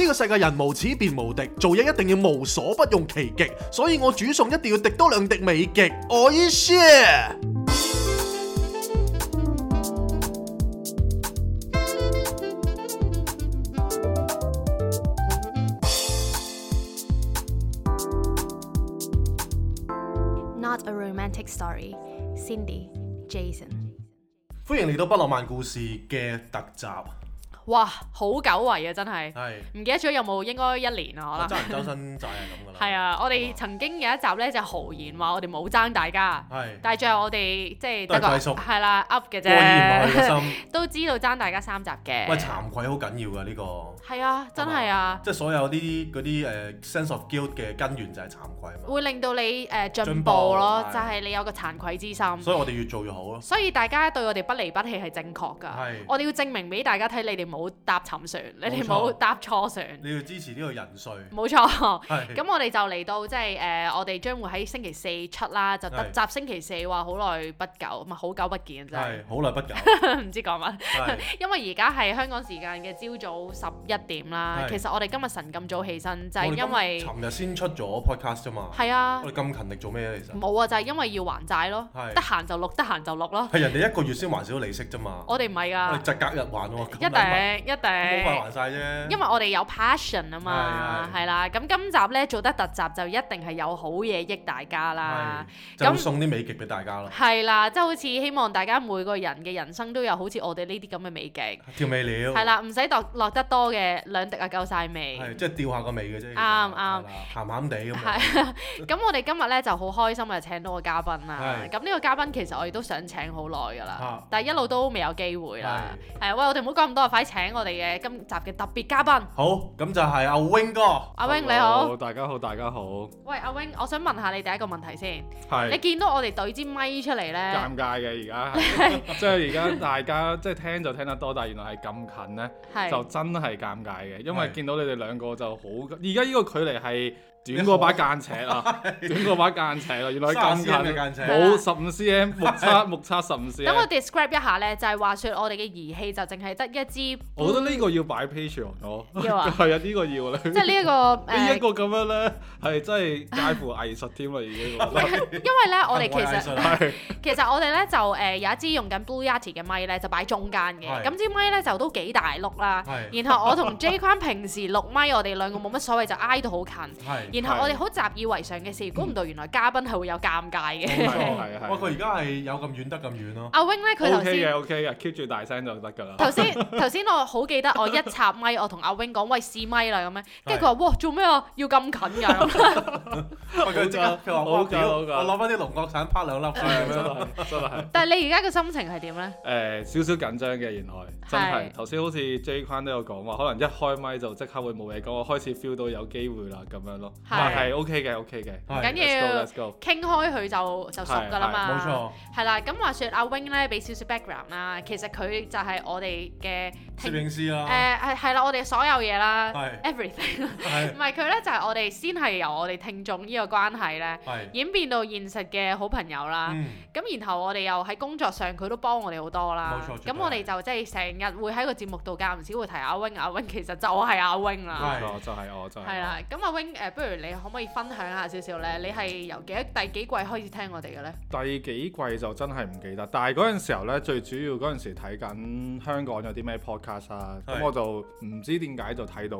呢個世界人無恥便無敵，做嘢一定要無所不用其極，所以我煮餸一定要滴多兩滴美極。我 share！Not a romantic story. Cindy, Jason，歡迎嚟到不浪漫故事嘅特集。哇，好久違啊，真係唔記得咗有冇應該一年啊。可能。周人周身債係咁噶啦。係啊，我哋曾經有一集咧就豪言話我哋冇爭大家。但係最後我哋即係都係大叔。係啦，up 嘅啫。過意唔去嘅心。都知道爭大家三集嘅。喂，慚愧好緊要㗎呢個。係啊，真係啊。即係所有呢啲嗰啲誒 sense of guilt 嘅根源就係慚愧。會令到你誒進步咯，就係你有個慚愧之心。所以我哋越做越好咯。所以大家對我哋不離不棄係正確㗎。我哋要證明俾大家睇，你哋冇。冇搭沉船，你哋冇搭錯船。你要支持呢個人稅。冇錯。係。咁我哋就嚟到即係誒，我哋將會喺星期四出啦，就突集星期四話好耐不久，唔係好久不見真係。好耐不久。唔知講乜？因為而家係香港時間嘅朝早十一點啦。其實我哋今日晨咁早起身，就係因為。尋日先出咗 podcast 啫嘛。係啊。我哋咁勤力做咩其實。冇啊，就係因為要還債咯。得閒就錄，得閒就錄咯。係人哋一個月先還少利息啫嘛。我哋唔係啊，就隔日還喎。一定。一定冇埋埋曬啫，因為我哋有 passion 啊嘛，係啦，咁今集咧做得特集就一定係有好嘢益大家啦，咁送啲美極俾大家啦，係啦，即係好似希望大家每個人嘅人生都有好似我哋呢啲咁嘅美極調味料，係啦，唔使落落得多嘅兩滴就夠曬味，係即係吊下個味嘅啫，啱啱鹹鹹地咁，係，咁我哋今日咧就好開心啊請到個嘉賓啦，咁呢個嘉賓其實我哋都想請好耐噶啦，但係一路都未有機會啦，係，喂我哋唔好講咁多啊，快！請我哋嘅今集嘅特別嘉賓。好，咁就係阿 Wing 哥。阿 Wing 你好，大家好，大家好。喂，阿 Wing，我想問下你第一個問題先。係是。你見到我哋對支咪出嚟咧？尷尬嘅而 家，即係而家大家即係聽就聽得多，但係原來係咁近咧，是就真係尷尬嘅，因為見到你哋兩個就好，而家呢個距離係。短嗰把間尺啊，短嗰把間尺啊，原來咁尺，冇十五 cm，目測目測十五 cm。等我 describe 一下咧，就係話説我哋嘅儀器就淨係得一支。我覺得呢個要擺 Patreon 哦。要啊。係啊，呢個要啦。即係呢一個呢一個咁樣咧，係真係介乎藝術添啦，已經。因為咧，我哋其實其實我哋咧就誒有一支用緊 Blue Yeti 嘅咪咧，就擺中間嘅。咁支咪咧就都幾大碌啦。然後我同 Jay 坤平時錄咪，我哋兩個冇乜所謂，就挨到好近。然後我哋好習以為常嘅事，估唔到原來嘉賓係會有尷尬嘅。冇錯，係啊，不過佢而家係有咁遠得咁遠咯。阿 wing 咧，佢頭先 OK 嘅，OK 嘅，keep 住大聲就得㗎啦。頭先頭先我好記得，我一插咪，我同阿 wing 講：「喂，試咪啦咁樣。跟住佢話：哇，做咩啊？要咁近㗎？佢話：O K，O K。我攞翻啲龍角散拍兩粒。但係你而家嘅心情係點咧？誒，少少緊張嘅，原來真係。頭先好似 J Kwan 都有講話，可能一開麥就即刻會冇嘢講。我開始 feel 到有機會啦咁樣咯。係 OK 嘅 OK 嘅，唔緊要，傾開佢就就熟噶啦嘛，冇錯。係啦，咁話説阿 Wing 咧，俾少少 background 啦，其實佢就係我哋嘅攝影師啦。誒係係啦，我哋所有嘢啦，everything。唔係佢咧，就係我哋先係由我哋聽眾呢個關係咧，演變到現實嘅好朋友啦。咁然後我哋又喺工作上佢都幫我哋好多啦。冇錯。咁我哋就即係成日會喺個節目度間唔時會提阿 Wing，阿 Wing 其實就我係阿 Wing 啦。冇錯，就係我，就係。係啦，咁阿 Wing 誒，不如。你可唔可以分享下少少呢？你係由幾第幾季開始聽我哋嘅呢？第幾季就真係唔記得，但係嗰陣時候呢，最主要嗰陣時睇緊香港有啲咩 podcast 啊，咁的我就唔知點解就睇到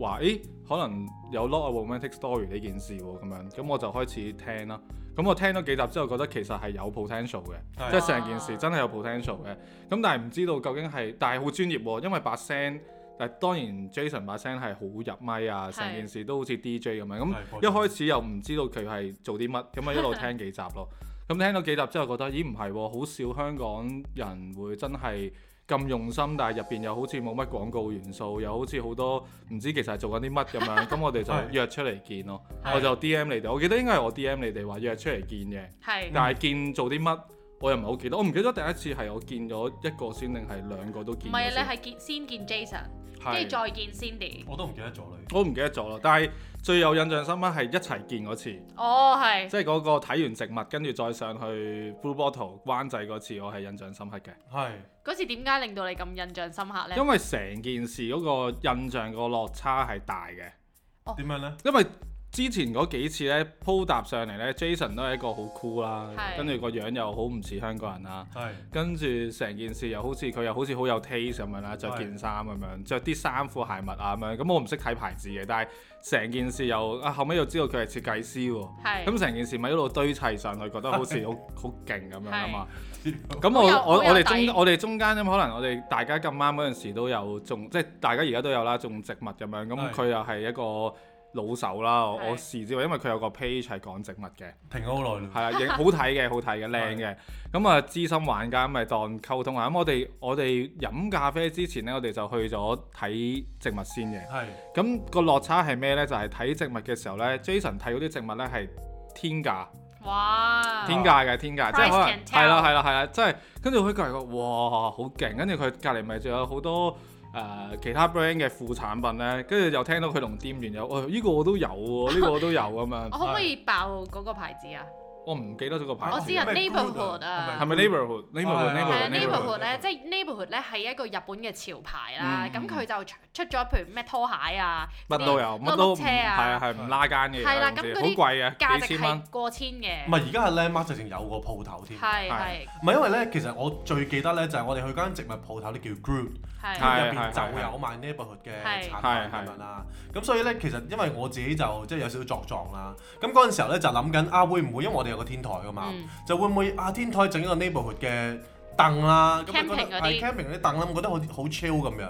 話，誒、欸、可能有 l o c o 啊，romantic story 呢件事喎、啊，咁樣，咁我就開始聽啦、啊。咁我聽咗幾集之後，覺得其實係有 potential 嘅，即係成件事真係有 potential 嘅。咁的、啊、但係唔知道究竟係，但係好專業喎、啊，因為把聲。但當然 Jason 把聲係好入咪啊，成是件事都好似 DJ 咁樣，咁一開始又唔知道佢係做啲乜，咁咪一路聽幾集咯，咁 聽到幾集之後，覺得咦，唔係喎，好、哦、少香港人會真係咁用心，但係入邊又好似冇乜廣告元素，又好似好多唔知其實係做緊啲乜咁樣，咁 我哋就約出嚟見咯，是我就 DM 你哋，我記得應該係我 DM 你哋話約出嚟見嘅，是但係見做啲乜？我又唔係好記得，我唔記得第一次係我見咗一個先，定係兩個都見。唔係你係見先見 Jason，跟住再見 Cindy。是我都唔記得咗你，我唔記得咗咯。但係最有印象深刻係一齊見嗰次。哦、oh, 是，係。即係嗰個睇完植物，跟住再上去 Blue Bottle 灣仔嗰次，我係印象深刻嘅。係是。嗰次點解令到你咁印象深刻呢？因為成件事嗰個印象個落差係大嘅。哦、oh。點樣呢？因為。之前嗰幾次咧鋪搭上嚟咧，Jason 都係一個好 cool 啦，跟住個樣又好唔似香港人啦，跟住成件事又好似佢又好似好有 taste 咁樣啦，着件衫咁樣，着啲衫褲鞋襪啊咁樣，咁我唔識睇牌子嘅，但係成件事又啊後尾又知道佢係設計師喎，咁成件事咪一路堆砌上去，覺得好似好好勁咁樣啊嘛，咁我我我哋中我哋中間咁可能我哋大家咁啱嗰陣時都有種即係大家而家都有啦種植物咁樣，咁佢又係一個。老手啦，我視之為，因為佢有個 page 係講植物嘅。停好耐啦。係啊，亦好睇嘅，好睇嘅，靚嘅。咁啊，資深玩家咪當溝通下。咁我哋我哋飲咖啡之前咧，我哋就去咗睇植物先嘅。係。咁個落差係咩咧？就係睇植物嘅時候咧，Jason 睇嗰啲植物咧係天價。哇！天價嘅天價，即係可能係啦係啦係啦，即係跟住佢隔離個哇，好勁，跟住佢隔離咪仲有好多。誒、uh, 其他 brand 嘅副產品咧，跟住又聽到佢同店員有，誒、哎、呢、呢個我都有喎、啊，呢 個我都有咁樣！ 我可唔可以爆嗰個牌子啊？我唔記得咗個牌子。我知啊，neighborhood 啊，係咪 neighborhood？neighborhood，neighborhood 咧，即係 neighborhood 咧係一個日本嘅潮牌啦。咁佢就出出咗譬如咩拖鞋啊，乜都有，乜都車啊，係啊係唔拉間嘅，係啦。咁嗰啲貴啊，價錢過千嘅。唔係而家係 l m a k 直情有個鋪頭添。係係。唔係因為咧，其實我最記得咧就係我哋去間植物鋪頭，啲叫 group，咁入邊就有賣 neighborhood 嘅產品啦。咁所以咧，其實因為我自己就即係有少少作狀啦。咁嗰陣時候咧就諗緊啊，會唔會因為我哋？有個天台㗎嘛，就會唔會啊天台整一個 neighborhood 嘅凳啦，camping 嗰啲，係 camping 嗰啲凳啦，我覺得好好 chill 咁樣，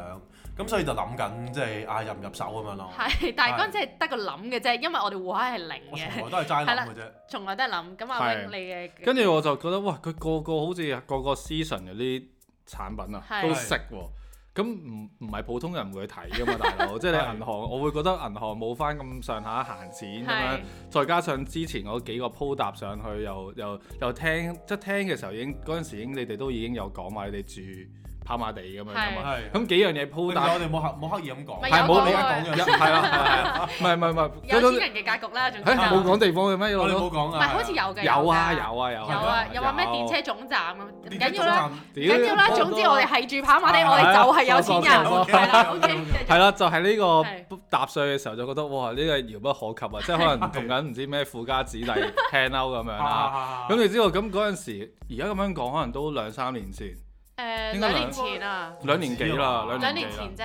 咁所以就諗緊即係啊入唔入手咁樣咯。係，但係嗰陣只係得個諗嘅啫，因為我哋戶口係零嘅，從來都係齋諗嘅啫，從來都係諗。咁啊，Wing 你嘅，跟住我就覺得哇，佢個個好似個個 season 嗰啲產品啊，都識喎。咁唔唔係普通人會睇噶嘛，大佬，即係你銀行， 我會覺得銀行冇返咁上下閒錢咁樣， 再加上之前嗰幾個鋪搭上去又，又又又聽，即係聽嘅時候已經嗰陣時已經你哋都已經有講話你哋住。跑馬地咁樣咁啊，咁幾樣嘢鋪大咁，我哋冇冇刻意咁講，係冇理由講嘅，係啦係啦，唔係唔係，有錢人嘅格局啦，仲有冇講地方嘅咩？我哋冇講噶，唔係好似有嘅，有啊有啊有，有啊有話咩電車總站咁，唔緊要啦，緊要啦，總之我哋係住跑馬地，我哋就係有錢人嚟嘅啦，OK，係啦，就係呢個搭稅嘅時候就覺得哇，呢個遙不可及啊，即係可能同緊唔知咩富家子弟 hang out 咁樣啦，咁你知道咁嗰陣時，而家咁樣講可能都兩三年前。誒應該兩年前啊，兩年幾啦，兩年前啫，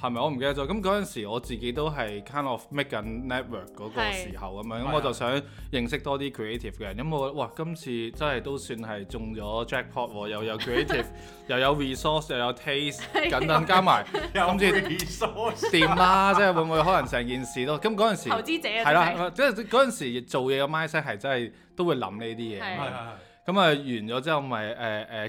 係咪我唔記得咗？咁嗰陣時我自己都係 kind of make 緊 network 嗰個時候咁樣，咁我就想認識多啲 creative 嘅人，因為我哇今次真係都算係中咗 jackpot，又有 creative，又有 resource，又有 taste 等等，加埋諗住今次掂啦，即係會唔會可能成件事都咁嗰陣時，投資者係啦，即係嗰陣時做嘢嘅 mindset 係真係都會諗呢啲嘢。咁啊，完咗之後咪誒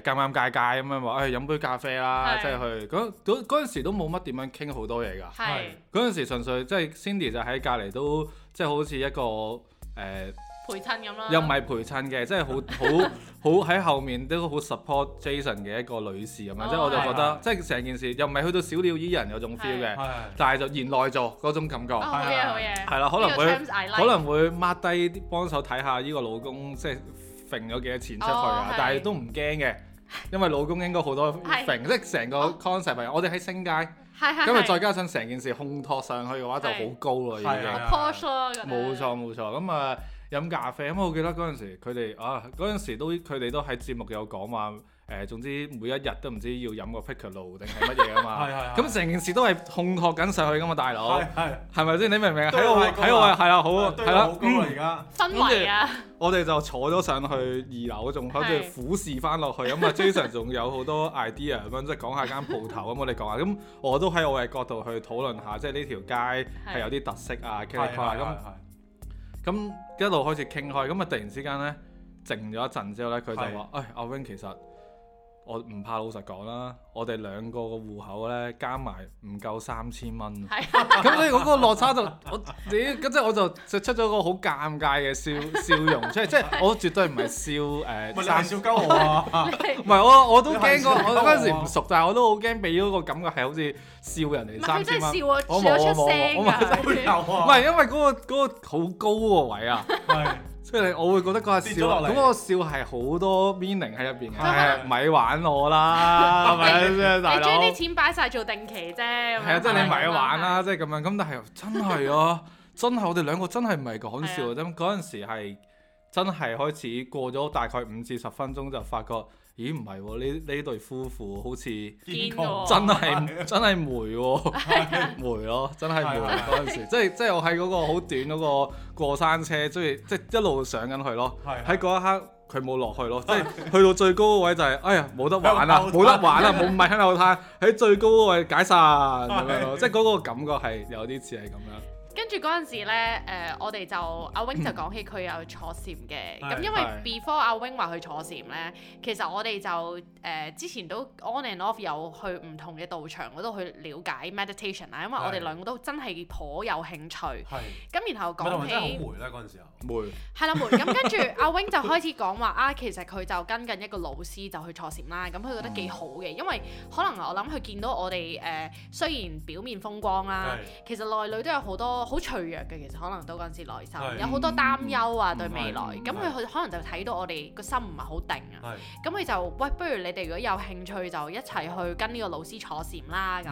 誒，尷尷尬尬咁樣話，去飲杯咖啡啦，即係去嗰嗰陣時都冇乜點樣傾好多嘢㗎。係嗰陣時純粹即係 Cindy 就喺隔籬都即係好似一個誒陪襯咁咯，又唔係陪襯嘅，即係好好好喺後面都好 support Jason 嘅一個女士咁樣，即係我就覺得即係成件事又唔係去到小鳥依人嗰種 feel 嘅，但係就賢內助嗰種感覺。好嘢好嘢。係啦，可能會可能會抹低啲幫手睇下呢個老公即係。掟咗幾多錢出去啊？哦、但係都唔驚嘅，因為老公應該好多掟，是即成個 concept 係我哋喺星街，咁啊再加上成件事烘托上去嘅話是就好高咯，是已經。冇錯冇錯，咁啊飲咖啡，咁我記得嗰陣時佢哋啊嗰陣時都佢哋都喺節目有講話。誒，總之每一日都唔知要飲個 Piccolo 定係乜嘢啊嘛，咁成件事都係烘托緊上去噶嘛，大佬，係咪先？你明唔明啊？喺我喺我係啦，好啊，係啦，氛圍啊，我哋就坐咗上去二樓，仲好似俯視翻落去，咁啊 Jason 仲有好多 idea 咁樣，即係講下間鋪頭咁，我哋講下，咁我都喺我嘅角度去討論下，即係呢條街係有啲特色啊，咁咁一路開始傾開，咁啊突然之間咧靜咗一陣之後咧，佢就話：誒阿 Wing 其實。我唔怕，老實講啦，我哋兩個個戶口咧加埋唔夠三千蚊，咁所以嗰個落差就我你咁即係我就出出咗個好尷尬嘅笑笑容出嚟，即係我絕對唔係笑誒，唔係笑鳩我啊，唔係我我都驚過我嗰陣時唔熟，但係我都好驚俾嗰個感覺係好似笑人哋三千蚊，我冇我冇，我我冇，唔係因為嗰個嗰個好高個位啊。即係你，我會覺得嗰個笑，嗰個笑係好多 meaning 喺入邊嘅，咪吧、欸、玩我啦？係咪先你將啲哥錢擺晒做定期啫。係啊，即、就、係、是、你咪玩啦，即係咁樣。咁但係真係啊， 真係我哋兩個真係唔係講笑啫。嗰陣 時係。真係開始過咗大概五至十分鐘就發覺，咦，唔係喎？呢呢對夫婦好似真係真係霉喎，霉咯，真係霉。嗰陣時，即係即係我喺嗰個好短嗰個過山車，即係即係一路上緊去咯。喺嗰一刻佢冇落去咯，即係去到最高位就係，哎呀冇得玩啦，冇得玩啦，冇唔咪喺度攤喺最高位解散咁樣咯，即係嗰個感覺係有啲似係咁樣。跟住陣時咧，誒我哋就阿 Wing 就講起佢有坐禪嘅，咁因為 before 阿 Wing 話去坐禪咧，其實我哋就誒之前都 on and off 有去唔同嘅道場度去了解 meditation 啦，因為我哋兩個都真係頗有興趣。係咁然後講起。梅啦陣時候。梅。係啦，梅。咁跟住阿 Wing 就開始講話啊，其實佢就跟緊一個老師就去坐禪啦，咁佢覺得幾好嘅，因為可能我諗佢見到我哋誒雖然表面風光啦，其實內裏都有好多。好脆弱嘅，其實可能都嗰陣時內心有好多擔憂啊，對未來，咁佢可能就睇到我哋個心唔係好定啊，咁佢就喂，不如你哋如果有興趣就一齊去跟呢個老師坐禪啦咁。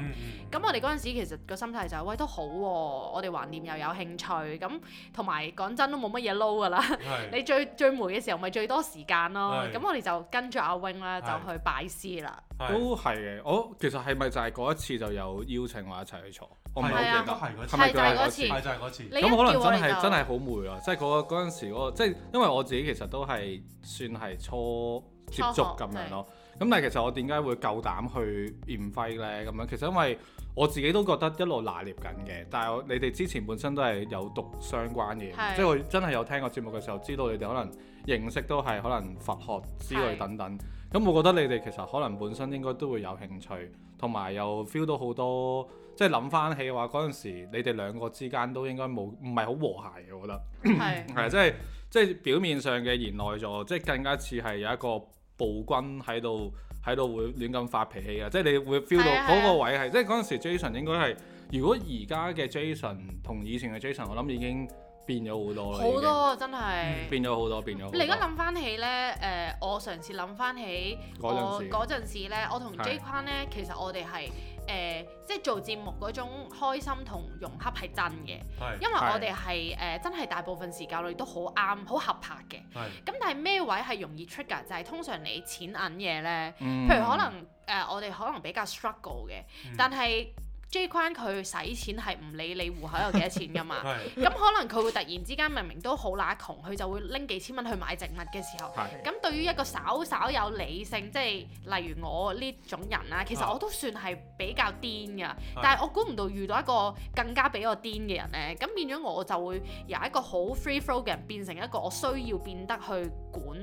咁我哋嗰陣時其實個心態就喂，都好喎，我哋橫掂又有興趣，咁同埋講真都冇乜嘢撈㗎啦。你最最黴嘅時候咪最多時間咯。咁我哋就跟住阿 Wing 啦，就去拜師啦。都係嘅，我其實係咪就係嗰一次就有邀請我一齊去坐？我唔係好記得，係就係嗰次，咁可能真係就真係好黴啊，即係嗰嗰陣時嗰個，即係、嗰個、因為我自己其實都係算係初接觸咁樣咯。咁但係其實我點解會夠膽去驗徽咧？咁樣其實因為我自己都覺得一路拿捏緊嘅。但係你哋之前本身都係有讀相關嘢，即係是我真係有聽過節目嘅時候，知道你哋可能認識都係可能佛學之類等等。咁是我覺得你哋其實可能本身應該都會有興趣，同埋又 feel 到好多。即係諗翻起嘅話，嗰陣時你哋兩個之間都應該冇唔係好和諧嘅，我覺得係係即係即係表面上嘅言內咗，即係更加似係有一個暴君喺度喺度會亂咁發脾氣嘅，即係你會 feel 到嗰個位係即係嗰陣時 Jason 應該係，如果而家嘅 Jason 同以前嘅 Jason，我諗已經變咗好多啦，好多真係、嗯、變咗好多變咗。咁你而家諗翻起咧，誒我上次諗翻起嗰陣時嗰陣時咧，我同 J 框咧，其實我哋係。誒、呃，即係做節目嗰種開心同融洽係真嘅，是因為我哋係誒真係大部分時間我哋都好啱好合拍嘅。咁是但係咩位係容易 trigger 㗎？就係通常你錢銀嘢呢，嗯、譬如可能誒、呃、我哋可能比較 struggle 嘅，嗯、但係。J 框佢使錢係唔理你戶口有幾多錢噶嘛，咁 可能佢會突然之間明明都好乸窮，佢就會拎幾千蚊去買植物嘅時候，咁的對於一個稍稍有理性，即係例如我呢種人啦，其實我都算係比較癲噶，的但係我估唔到遇到一個更加比我癲嘅人咧，咁變咗我就會由一個好 free flow 嘅人變成一個我需要變得去管，.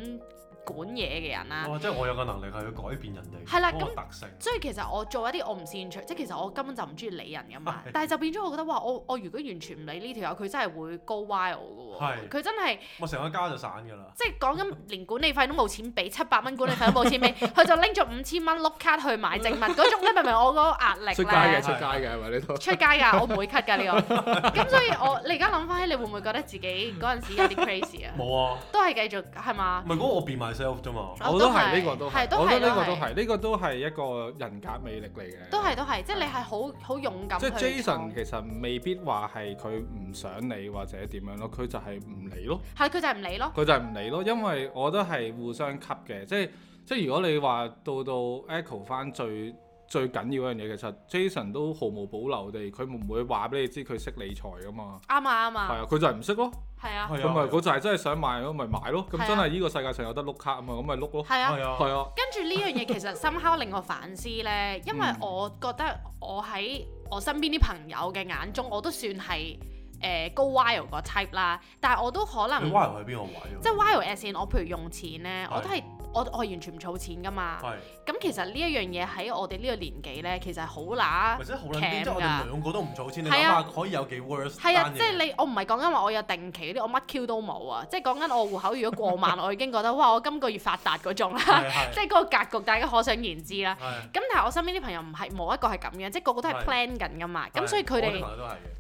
管嘢嘅人啦，哇！即係我有個能力係要改變人哋個特性，所以其實我做一啲我唔擅長，即係其實我根本就唔中意理人噶嘛。但係就變咗我覺得，哇！我我如果完全唔理呢條友，佢真係會 go wild 噶喎。佢真係我成個家就散㗎啦。即係講緊連管理費都冇錢俾，七百蚊管理費都冇錢俾，佢就拎咗五千蚊碌卡去買植物。嗰種咧，明明我嗰個壓力咧。出街嘅，出街嘅係咪呢套？出街㗎，我唔會 cut 㗎呢個。咁所以我你而家諗翻起，你會唔會覺得自己嗰陣時有啲 crazy 啊？冇啊，都係繼續係嘛。唔係我變埋。啫嘛，我都係呢個都，我覺得呢個都係呢個都係一個人格魅力嚟嘅。都係都係，即係你係好好勇敢。即係 Jason 其實未必話係佢唔想理或者點樣咯，佢就係唔理咯。係佢就係唔理咯。佢就係唔理咯，因為我覺得係互相吸嘅，即係即係如果你話到到 echo 翻最最緊要一樣嘢，其實 Jason 都毫無保留地，佢唔會話俾你知佢識理財㗎嘛。啱啊，啱啊。係啊，佢就係唔識咯。係啊，啊。咁咪嗰就係真係想買咯，咪買咯。咁真係呢個世界上有得碌卡啊嘛，咁咪碌咯。係啊，係啊，啊跟住呢樣嘢其實深刻 令我反思咧，因為我覺得我喺我身邊啲朋友嘅眼中，我都算係誒高 wire 嗰 type 啦。但係我都可能 wire 喺邊個位？即係 wire at 先，我譬如用錢咧，我都係、啊、我我完全唔儲錢噶嘛。咁其實呢一樣嘢喺我哋呢個年紀咧，其實好乸頸㗎。即係兩個都唔做，先，你諗可以有幾 worse 嘅係啊，即係你我唔係講緊話我有定期啲，我乜 Q 都冇啊！即係講緊我戶口如果過萬，我已經覺得哇，我今個月發達嗰種啦。即係嗰個格局，大家可想而知啦。咁但係我身邊啲朋友唔係冇一個係咁樣，即係個個都係 plan 緊㗎嘛。咁所以佢哋。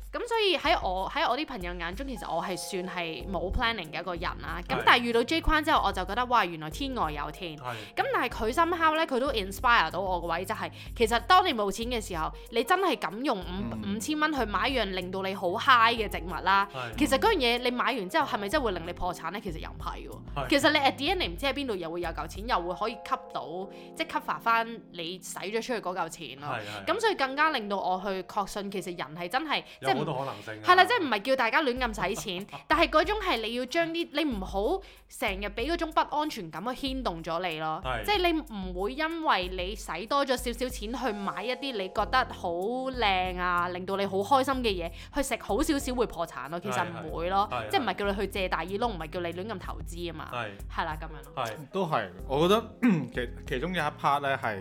咁所以喺我喺我啲朋友眼中，其實我係算係冇 planning 嘅一個人啦。咁但係遇到 J 框之後，我就覺得哇，原來天外有天。咁但係佢心口咧，佢都 inspire 到我個位，就係、是、其實當你冇錢嘅時候，你真係敢用五、嗯、五千蚊去買一樣令到你好 high 嘅植物啦。是其實樣嘢你買完之後係咪真係會令你破產咧？其實又唔係，是其實你 edit 你唔知喺邊度又會有嚿錢又會可以吸到即、就是、吸翻翻你使咗出去嗰嚿錢咯。咁所以更加令到我去確信，其實人係真係即係好多可能性、啊。係啦，即係唔係叫大家亂咁使錢， 但係嗰種係你要將啲你唔好成日俾嗰種不安全感去牽動咗你咯。即係的你唔會。因因為你使多咗少少錢去買一啲你覺得好靚啊，令到你好開心嘅嘢，去食好少少會破產咯，其實唔會咯，是是是是即係唔係叫你去借大耳窿，唔係叫你亂咁投資啊嘛，係是是 啦咁樣。係，都係，我覺得其 其中有一 part 咧係。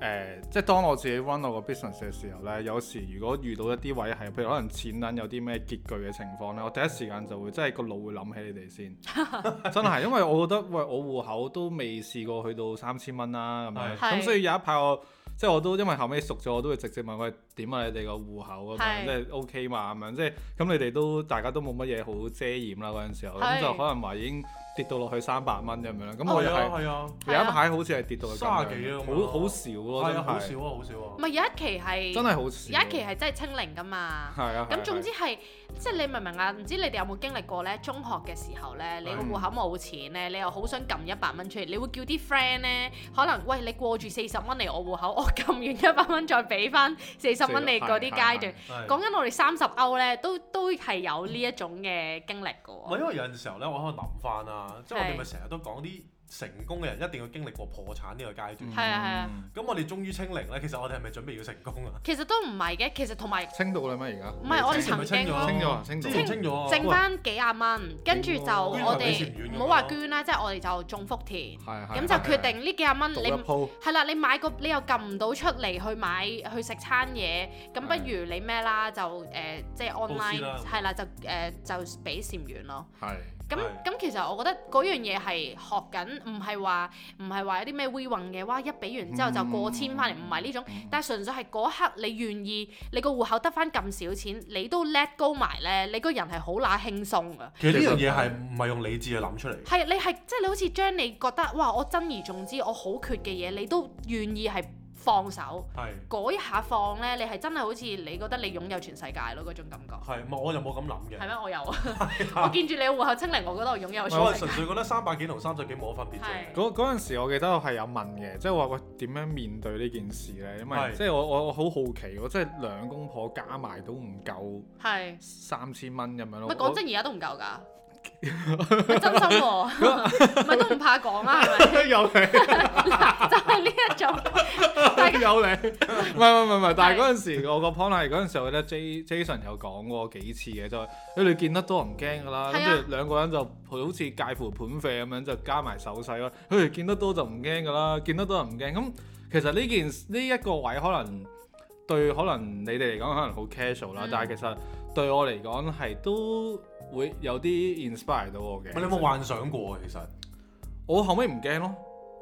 誒、呃，即係當我自己 run 我個 business 嘅時候呢，有時如果遇到一啲位係，譬如可能錢銀有啲咩拮據嘅情況呢，我第一時間就會哦哦哦即係個腦會諗起你哋先， 真係，因為我覺得喂，我戶口都未試過去到三千蚊啦咁樣，咁是所以有一排我即係我都因為後尾熟咗，我都會直接問喂，點啊你哋個戶口啊是、OK，即係 OK 嘛咁樣，即係咁你哋都大家都冇乜嘢好遮掩啦嗰陣時候，咁是就可能話已經。跌到落去三百蚊咁樣，咁、哦、我係、就係，啊、有一排好似係跌到、啊、好三十幾啊，好好少咯、啊，真係、啊、好少啊，好少啊！唔係有一期係真係好少，有一期係真係、啊、清零噶嘛，係啊，咁總之係。即係你明唔明啊？唔知你哋有冇經歷過呢？中學嘅時候呢，你個戶口冇錢呢，你又好想撳一百蚊出嚟，你會叫啲 friend 呢，可能喂，你過住四十蚊嚟我戶口，我撳完一百蚊再俾翻四十蚊你嗰啲階段。講緊我哋三十歐呢，都都係有呢一種嘅經歷㗎。我因為有陣時候呢，我喺度諗翻啊，即係我哋咪成日都講啲。成功嘅人一定要經歷過破產呢個階段。係啊係啊。咁我哋終於清零咧，其實我哋係咪準備要成功啊？其實都唔係嘅，其實同埋清到啦咩？而家。唔係我哋清咗，清咗，清清咗，剩返幾廿蚊，跟住就我哋唔好話捐啦，即係我哋就種福田。係咁就決定呢幾廿蚊，你係啦，你買個你又撳唔到出嚟去買去食餐嘢，咁不如你咩啦？就誒即係 online 係啦，就誒就俾善緣咯。係。咁咁其實我覺得嗰樣嘢係學緊，唔係話唔係話有啲咩 we run 嘅，哇一俾完之後就過千翻嚟，唔係呢種，嗯、但係純粹係嗰一刻你願意，你個戶口得翻咁少錢，你都 let go 埋咧，你個人係好乸輕鬆嘅。其實呢樣嘢係唔係用理智去諗出嚟？係你係即係你好似將你覺得哇我珍而重之，我好缺嘅嘢，你都願意係。放手，係嗰是一下放咧，你係真係好似你覺得你擁有全世界咯嗰種感覺。係，唔係我又冇咁諗嘅。係咩？我有， 我見住你戶口清零，我覺得我擁有。我純粹覺得三百幾同三十幾冇分別啫。嗰嗰陣時我記得我係有問嘅，即係話喂，點樣面對呢件事咧，因為即係我我我好好奇，我即係兩公婆加埋都唔夠 3, 是三千蚊咁樣咯。唔係講真，而家都唔夠㗎。 真心喎，乜 都唔怕講啊，係咪？ 有你，就係呢一種真有你。唔係唔係唔係，是但係嗰陣時我個 point 係嗰陣時候咧，Jason 有講過幾次嘅，就你哋、欸、見得多唔驚噶啦，跟、嗯、住 兩個人就好似介乎盤廢咁樣，就加埋手勢咯。佢哋見得多就唔驚噶啦，見得多就唔驚。咁、嗯、其實呢件呢一,一個位可能對可能你哋嚟講可能好 casual 啦， 但係其實。對我嚟講係都會有啲 inspire 到我嘅。你有冇幻想過？其實我後尾唔驚咯，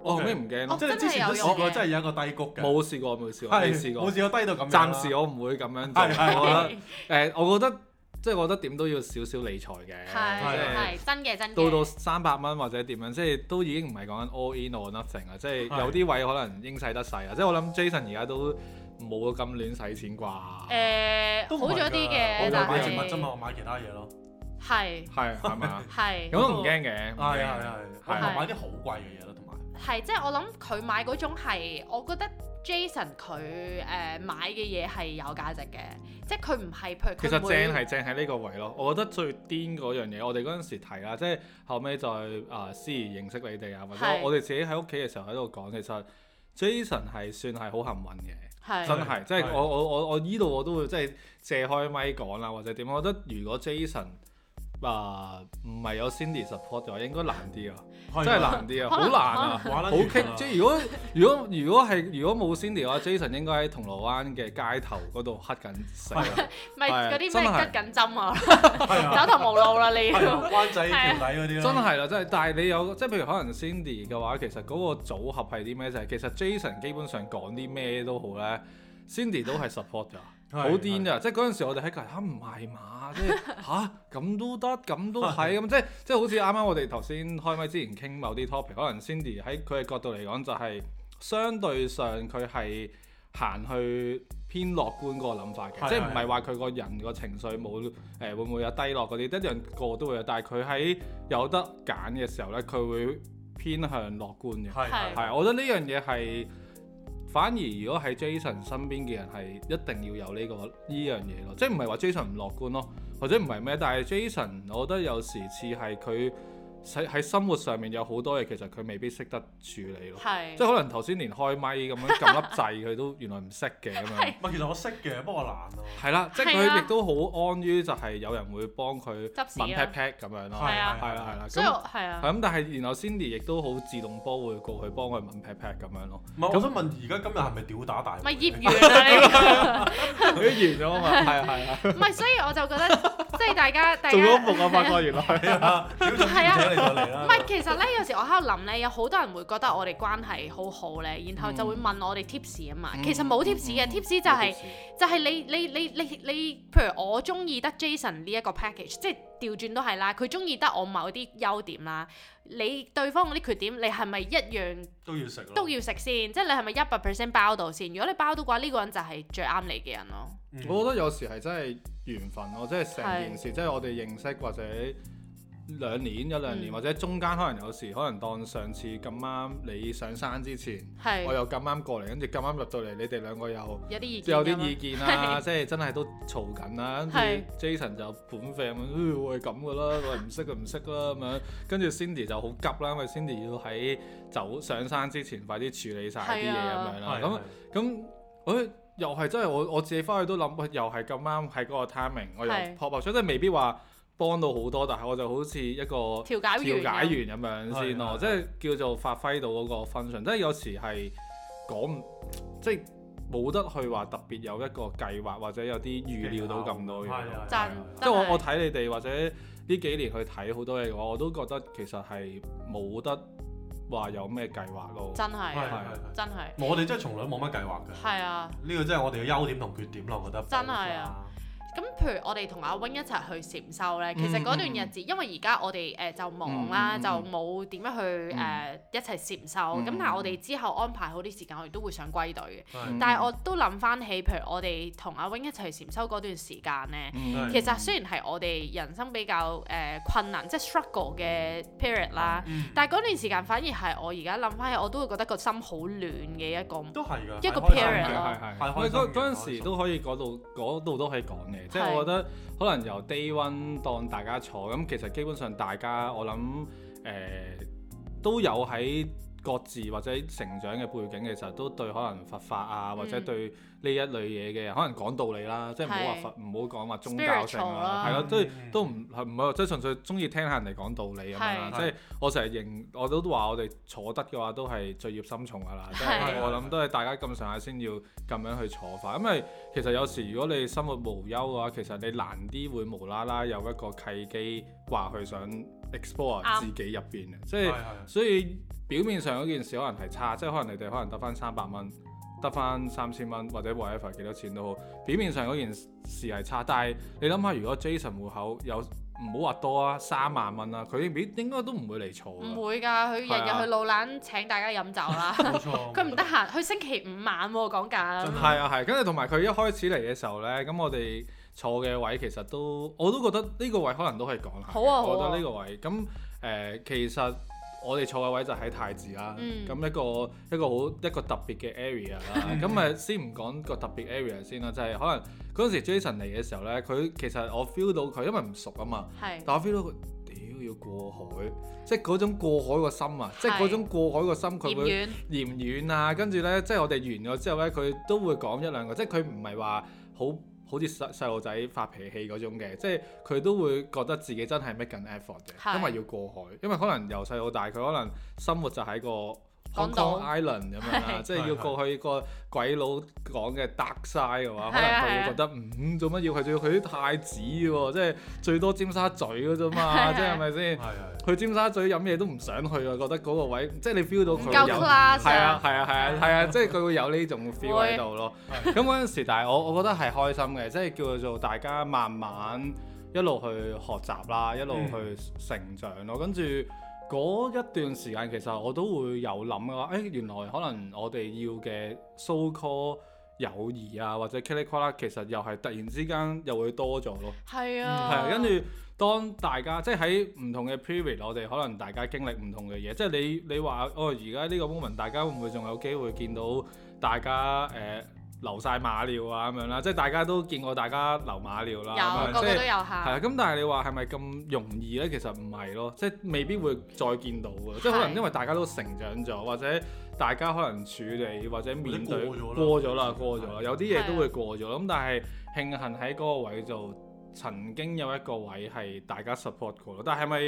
我後尾唔驚咯，即係你之前都試過，真係有一個低谷嘅。冇試過，冇試過，未試過。冇試過低到咁樣。暫時我唔會咁樣做，我覺得誒，我覺得即係我覺得點都要少少理財嘅。係係真嘅真嘅。到到三百蚊或者點樣，即係都已經唔係講緊 all in or nothing 啊，即係有啲位可能應細得細啊，即係我諗 Jason 而家都。冇咁亂使錢啩，誒都好咗啲嘅，但係我買物質啫嘛，我買其他嘢咯，係係係咪啊？係咁都唔驚嘅，係啊係啊係，係買啲好貴嘅嘢咯，同埋係即係我諗佢買嗰種係，我覺得 Jason 佢誒買嘅嘢係有價值嘅，即係佢唔係譬如其實正係正喺呢個位咯。我覺得最癲嗰樣嘢，我哋嗰陣時睇啦，即係後尾再啊，思儀認識你哋啊，或者我哋自己喺屋企嘅時候喺度講，其實 Jason 係算係好幸運嘅。真係，即係我的我我我依度我，我都會即係、就是、借開咪講啦、啊，或者點？我覺得如果 Jason。啊，唔係有 Cindy support 嘅話，應該難啲啊，真係難啲啊，好難啊，好傾，即係如果如果如果係如果冇 Cindy 嘅話，Jason 應該喺銅鑼灣嘅街頭嗰度乞緊食，咪嗰啲咩拮緊針啊， 啊走投無路啦你要，灣、 啊、仔條底嗰啲咯，真係啦，真係，但係你有即係譬如可能 Cindy 嘅話，其實嗰個組合係啲咩就係、是、其實 Jason 基本上講啲咩都好咧，Cindy 都係 support 嘅。 好癲㗎！即係嗰陣時我，我哋喺隔離，唔係嘛？即係吓，咁都得，咁都係咁，即係即係好似啱啱我哋頭先開咪之前傾某啲 topic，可能 Cindy 喺佢嘅角度嚟講，就係相對上佢係行去偏樂觀嗰個諗法嘅，即係唔係話佢個人個情緒冇誒、欸、會唔會有低落嗰啲一樣個個都會有，但係佢喺有得揀嘅時候呢，佢會偏向樂觀嘅。係係是是，我覺得呢樣嘢係。反而如果喺 Jason 身邊嘅人係一定要有呢個呢樣嘢咯，即係唔係話 Jason 唔樂觀咯，或者唔係咩，但係 Jason 我覺得有時似係佢。喺生活上面有好多嘢，其實佢未必識得處理咯。即係可能頭先連開咪咁樣撳粒掣，佢都原來唔識嘅咁樣。係，其實原來我識嘅，不過懶咯。係啦，即係佢亦都好安於就係有人會幫佢問 pat pat 咁樣咯。係啊，係啦，係啦。咁係啊。咁但係然後 Cindy 亦都好自動波會過去幫佢問 pat pat 咁樣咯。我想問而家今日係咪屌打大？咪業餘啊！佢都完咗啊嘛？係啊係啊。唔係，所以我就覺得即係大家做咗僕啊八哥，原來啊，係啊。唔係， 其實咧，有時我喺度諗咧，有好多人會覺得我哋關係好好咧，然後就會問我哋 tips 啊嘛。嗯、其實冇 tips 嘅，tips 就係、是、就係你你你你你，譬如我中意得 Jason 呢一個 package，即係調轉都係啦。佢中意得我某啲優點啦，你對方嗰啲缺點，你係咪一樣都要食都要食先？即係你係咪一百 percent 包到先？如果你包到嘅話，呢、這個人就係最啱你嘅人咯。嗯、我覺得有時係真係緣分咯，即係成件事，即係是我哋認識或者。兩年一兩年，或者中間可能有時，可能當上次咁啱你上山之前，我又咁啱過嚟，跟住咁啱入到嚟，你哋兩個又有啲意見啦，即係真係都嘈緊啦。跟住 Jason 就叛匪咁，會咁噶啦。喂唔識就唔識啦咁樣。跟住 Cindy 就好急啦，因為 Cindy 要喺走上山之前快啲處理晒啲嘢咁樣啦。咁咁誒又係真係我我自己翻去都諗，又係咁啱喺嗰個 timing，我又撲泊，所以未必話。幫到好多，但係我就好似一個調解員咁樣先咯，即係叫做發揮到嗰個 function。即係有時係講，即係冇得去話特別有一個計劃，或者有啲預料到咁多嘢。係啊，即係我我睇你哋或者呢幾年去睇好多嘢，嘅話我我都覺得其實係冇得話有咩計劃咯。真係，真係。我哋真係從來冇乜計劃㗎。係啊。呢個真係我哋嘅優點同缺點咯，我覺得。真係啊。咁譬如我哋同阿 Wing 一齊去禪修咧，其實嗰段日子，因為而家我哋誒就忙啦，就冇點樣去誒一齊禪修。咁但係我哋之後安排好啲時間我哋都會想歸隊嘅。但係我都諗翻起，譬如我哋同阿 Wing 一齊禪修嗰段時間咧，其實雖然係我哋人生比較誒困難，即係 struggle 嘅 period 啦。但係嗰段時間反而係我而家諗翻起，我都會覺得個心好暖嘅一個都係嘅一個 period 咯。係係，係嗰嗰陣時都可以講到，嗰度都可以講嘅。即係我覺得可能由低 a y 當大家坐，咁其實基本上大家我諗誒、呃、都有喺。各自或者成長嘅背景，其實都對可能佛法啊，或者對呢一類嘢嘅，可能講道理啦，即係唔好話佛，唔好講話宗教性啊，係咯，都都唔係唔好，即係純粹中意聽下人哋講道理咁樣，即係我成日認，我都話我哋坐得嘅話都係罪孽深重噶啦。即係我諗都係大家咁上下先要咁樣去坐法。因為其實有時如果你生活無憂嘅話，其實你難啲會無啦啦有一個契機話去想 explore 自己入邊嘅，即係所以。表面上嗰件事可能係差，即係可能你哋可能得返三百蚊，得返三千蚊或者 whatever 幾多錢都好。表面上嗰件事係差，但係你諗下，如果 Jason 戶口有唔好話多啊，三萬蚊啦，佢應應應該都唔會嚟坐。唔會㗎，佢日日去老蘭請大家飲酒啦。佢唔得閒，佢星期五晚喎講緊。係啊係，跟住同埋佢一開始嚟嘅時候呢，咁我哋坐嘅位其實都，我都覺得呢個位可能都可以講下。好啊好啊，我覺得呢個位咁誒、呃，其實。我哋坐嘅位就喺太子啦、啊，咁、嗯、一個一個好一個特別嘅 area 啦。咁誒 先唔講個特別 area 先啦、啊，即、就、係、是、可能嗰陣時 Jason 嚟嘅時候呢，佢其實我 feel 到佢因為唔熟啊嘛，是但我 feel 到佢屌要過海，即係嗰種過海個心啊，是即係嗰種過海個心佢會嫌遠啊。跟住呢，即係我哋完咗之後呢，佢都會講一兩個，即係佢唔係話好。好似細細路仔發脾氣嗰種嘅，即係佢都會覺得自己真係 make 緊 effort 嘅，是的 因為要過海，因為可能由細到大佢可能生活就喺個 Hong Kong Island 咁樣啊，即係要過去個鬼佬講嘅得曬嘅話，可能佢會覺得，嗯，做乜要係仲要去啲太子喎？即係最多尖沙咀嘅啫嘛，即係係咪先？去尖沙咀飲嘢都唔想去啊，覺得嗰個位，即係你 feel 到佢有，係啊係啊係啊係啊，即係佢會有呢種 feel 喺度咯。咁嗰陣時，但係我我覺得係開心嘅，即係叫做大家慢慢一路去學習啦，一路去成長咯，跟住。嗰一段時間其實我都會有諗㗎，誒、哎、原來可能我哋要嘅 so called 友誼啊，或者 cliché 其實又係突然之間又會多咗咯。係啊，係啊，跟住當大家即係喺唔同嘅 period，我哋可能大家經歷唔同嘅嘢，即係你你話哦，而家呢個 moment 大家會唔會仲有機會見到大家誒？呃流晒馬尿啊咁樣啦，即係大家都見過，大家流馬尿啦，即係都有係啊。咁樣，但係你話係咪咁容易呢？其實唔係咯，即係未必會再見到嘅。的即係可能因為大家都成長咗，或者大家可能處理或者面對過咗啦，過咗啦，的有啲嘢都會過咗咁，的但係慶幸喺嗰個位就。曾經有一個位係大家 support 過咯，但係咪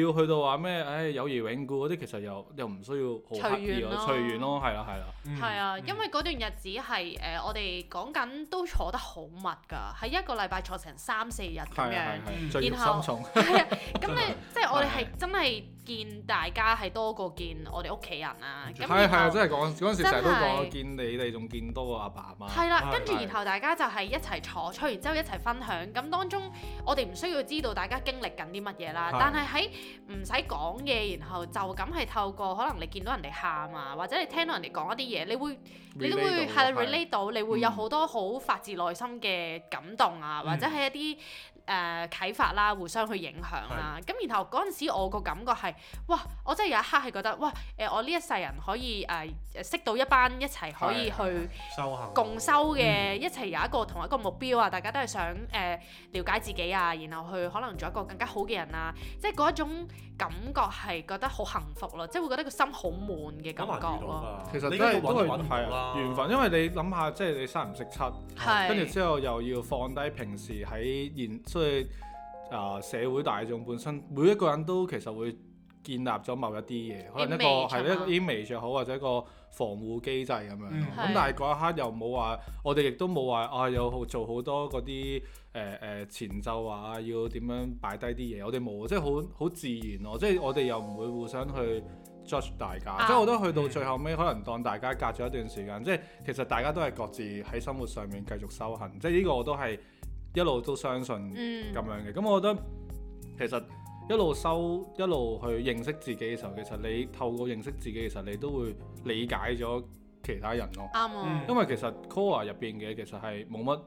要去到話咩？唉、哎，友誼永固嗰啲其實又又唔需要好刻意咯，隨緣咯，係啦係啦。係、嗯、啊，因為嗰段日子係誒、呃，我哋講緊都坐得好密㗎，係一個禮拜坐成三四日咁樣，啊啊啊啊、然後咁、啊、你 是即係我哋係真係。見大家係多過見我哋屋企人啊。咁係係啊，真係講嗰陣時成日都講，見你哋仲見多過阿爸阿媽。係啦，跟住然後大家就係一齊坐出，然之後一齊分享。咁當中我哋唔需要知道大家經歷緊啲乜嘢啦，但係喺唔使講嘢，然後就咁係透過可能你見到人哋喊啊，或者你聽到人哋講一啲嘢，你會你都會係 relate 到，你會有好多好發自內心嘅感動啊，或者係一啲。誒、呃、啟發啦，互相去影響啦、啊。咁是然後嗰陣時，我個感覺係，哇！我真係有一刻係覺得，哇！誒、呃、我呢一世人可以誒、呃、識到一班一齊可以去的共修嘅，嗯、一齊有一個同一個目標啊！大家都係想誒、呃、了解自己啊，然後去可能做一個更加好嘅人啊！即係嗰一種。感覺係覺得好幸福咯，即係會覺得個心好悶嘅感覺咯。其實呢、就、個、是、都係緣分，因為你諗下，即係你三唔識七，跟住之後又要放低平時喺現，所以啊、呃、社會大眾本身，每一個人都其實會建立咗某一啲嘢，可能一、那個係一個 image 好，或者一個，防護機制咁樣，咁、嗯、但係嗰一刻又冇話，我哋亦都冇話啊，有做好多嗰啲誒誒前奏話、啊、要點樣擺低啲嘢，我哋冇即係好好自然咯、哦，即、就、係、是、我哋又唔會互相去 judge 大家，即係、嗯、我覺得去到最後尾，嗯、可能當大家隔咗一段時間，即係、嗯、其實大家都係各自喺生活上面繼續修行，即係呢個我都係一路都相信咁樣嘅，咁、嗯、我覺得其實。一路收一路去認識自己嘅時候，其實你透過認識自己嘅時候，你都會理解咗其他人咯。啱、嗯、因為其實 core 入邊嘅其實係冇乜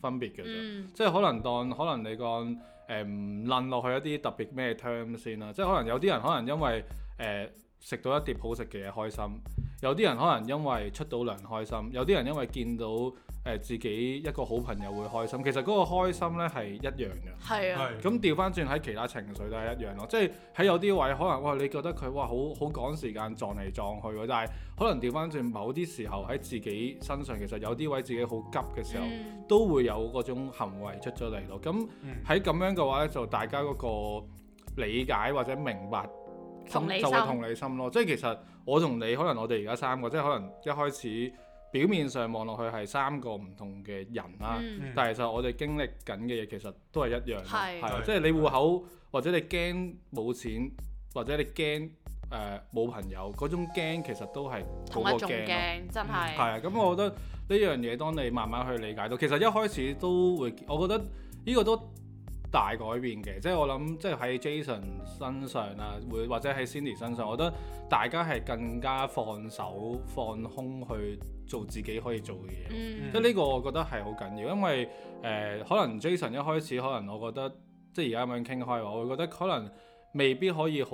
分別嘅啫，嗯、即係可能當可能你講誒論落去一啲特別咩 term 先啦，即係可能有啲人可能因為誒食、呃、到一碟好食嘅嘢開心，有啲人可能因為出到糧開心，有啲人因為見到誒自己一個好朋友會開心，其實嗰個開心咧係一樣嘅。係啊，咁調翻轉喺其他情緒都係一樣咯。即係喺有啲位可能哇，你覺得佢哇好好趕時間撞嚟撞去喎，但係可能調翻轉某啲時候喺自己身上，其實有啲位自己好急嘅時候，嗯、都會有嗰種行為出咗嚟咯。咁喺咁樣嘅話咧，就大家嗰個理解或者明白心，同理心就會同理心咯。即係其實我同你可能我哋而家三個，即係可能一開始。表面上望落去係三個唔同嘅人啦，嗯、但係其實我哋經歷緊嘅嘢其實都係一樣嘅，即係是、就是、你戶口的或者你驚冇錢，或者你驚冇、呃、朋友嗰種驚其實都係同一種驚，真係。係啊、嗯，咁、嗯嗯、我覺得呢樣嘢當你慢慢去理解到，其實一開始都會，我覺得呢個都大改變嘅，即、就、係、是、我諗即係喺 Jason 身上啊，會或者喺 Cindy 身上，我覺得大家係更加放手放空去。做自己可以做嘅嘢，即係呢個我覺得係好緊要，因為誒、呃，可能 Jason 一開始可能我覺得，即係而家咁樣傾開話，我會覺得可能未必可以好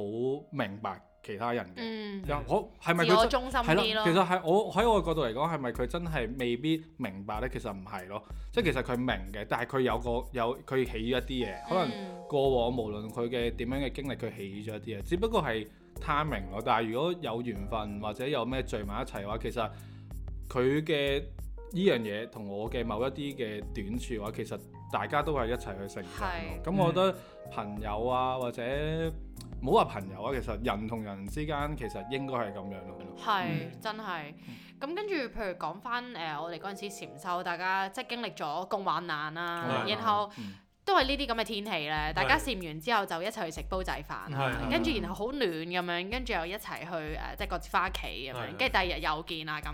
明白其他人嘅。我係咪自我中心啲？其實係我喺我角度嚟講，係咪佢真係未必明白咧？其實唔係咯，即係其實佢明嘅，但係佢有個有佢起咗一啲嘢，可能過往無論佢嘅點樣嘅經歷，佢起咗一啲嘢，只不過係 timing 咯。但係如果有緣分或者有咩聚埋一齊嘅話，其實。佢嘅呢樣嘢同我嘅某一啲嘅短處嘅話，其實大家都係一齊去承受。咁是我覺得朋友啊，或者唔好話朋友啊，其實人同人之間其實應該係咁樣咯、啊。係是、嗯、真係。咁跟住，譬如講翻誒，我哋嗰陣時禪修，大家即係經歷咗共患難啊，嗯、然後。嗯因為呢啲咁嘅天氣咧，大家試完之後就一齊去食煲仔飯，跟住然後好暖咁樣，跟住又一齊去誒，即係各自返屋企咁樣，跟住第二日又見啦咁。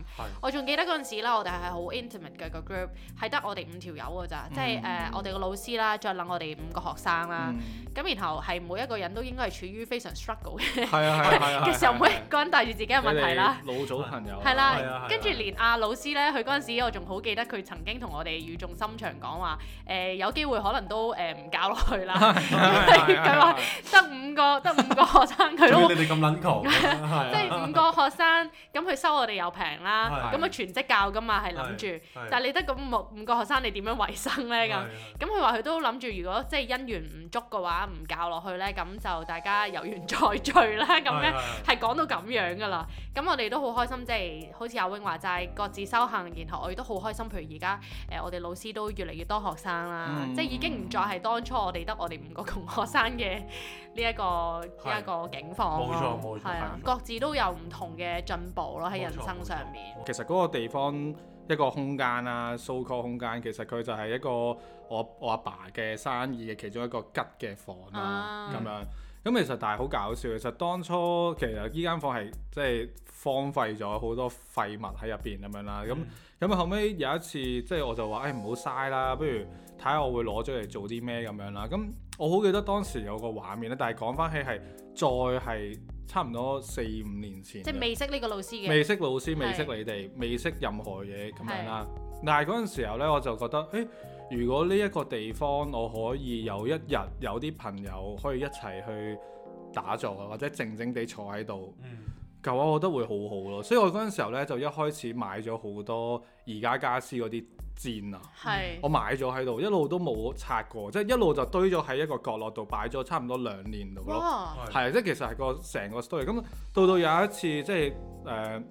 我仲記得嗰陣時咧，我哋係好 intimate 嘅個 group，係得我哋五條友㗎咋，即係誒我哋個老師啦，再諗我哋五個學生啦。咁然後係每一個人都應該係處於非常 struggle 嘅，嘅時候，每一個人都帶住自己嘅問題啦。老早朋友。係啦，跟住連阿老師咧，佢嗰陣時我仲好記得佢曾經同我哋語重心長講話，誒有機會可能都。誒唔教落去啦，佢話得五個，得五個學生，佢都你哋咁撚窮，即係五個學生，咁佢收我哋又平啦，咁佢全職教噶嘛，係諗住，但係你得咁五五個學生，你點樣維生咧咁？咁佢話佢都諗住，如果即係姻緣唔足嘅話，唔教落去咧，咁就大家有緣再聚啦，咁樣係講到咁樣噶啦。咁我哋都好開心，即係好似阿 Wing 話齋各自修行，然後我亦都好開心。譬如而家誒，我哋老師都越嚟越多學生啦，即係已經唔。就係當初我哋得我哋五個窮學生嘅呢一個呢一個景況，冇錯，冇錯，係啊，各自都有唔同嘅進步咯，喺人生上面。其實嗰個地方一個空間啦 so call 空間，其實佢就係一個我我阿爸嘅生意嘅其中一個吉嘅房啦，咁樣。咁其實但係好搞笑，其實當初其實呢間房係即係荒廢咗好多廢物喺入邊咁樣啦。咁咁後尾有一次即係我就話誒唔好嘥啦，不如。睇下我會攞出嚟做啲咩咁樣啦，咁我好記得當時有個畫面咧，但係講翻起係再係差唔多四五年前，即係未識呢個老師嘅，未識老師，未識你哋，未是識任何嘢咁樣啦。是但係嗰陣時候咧，我就覺得，誒、欸，如果呢一個地方我可以有一日有啲朋友可以一齊去打坐啊，或者靜靜地坐喺度。嗯我覺得會好好咯，所以我嗰陣時候咧，就一開始買咗好多宜家家私嗰啲墊啊，是我買咗喺度，一路都冇拆過，即係一路就堆咗喺一個角落度擺咗差唔多兩年度咯，係即係其實係個成個 story。咁到到有一次，即係誒、呃、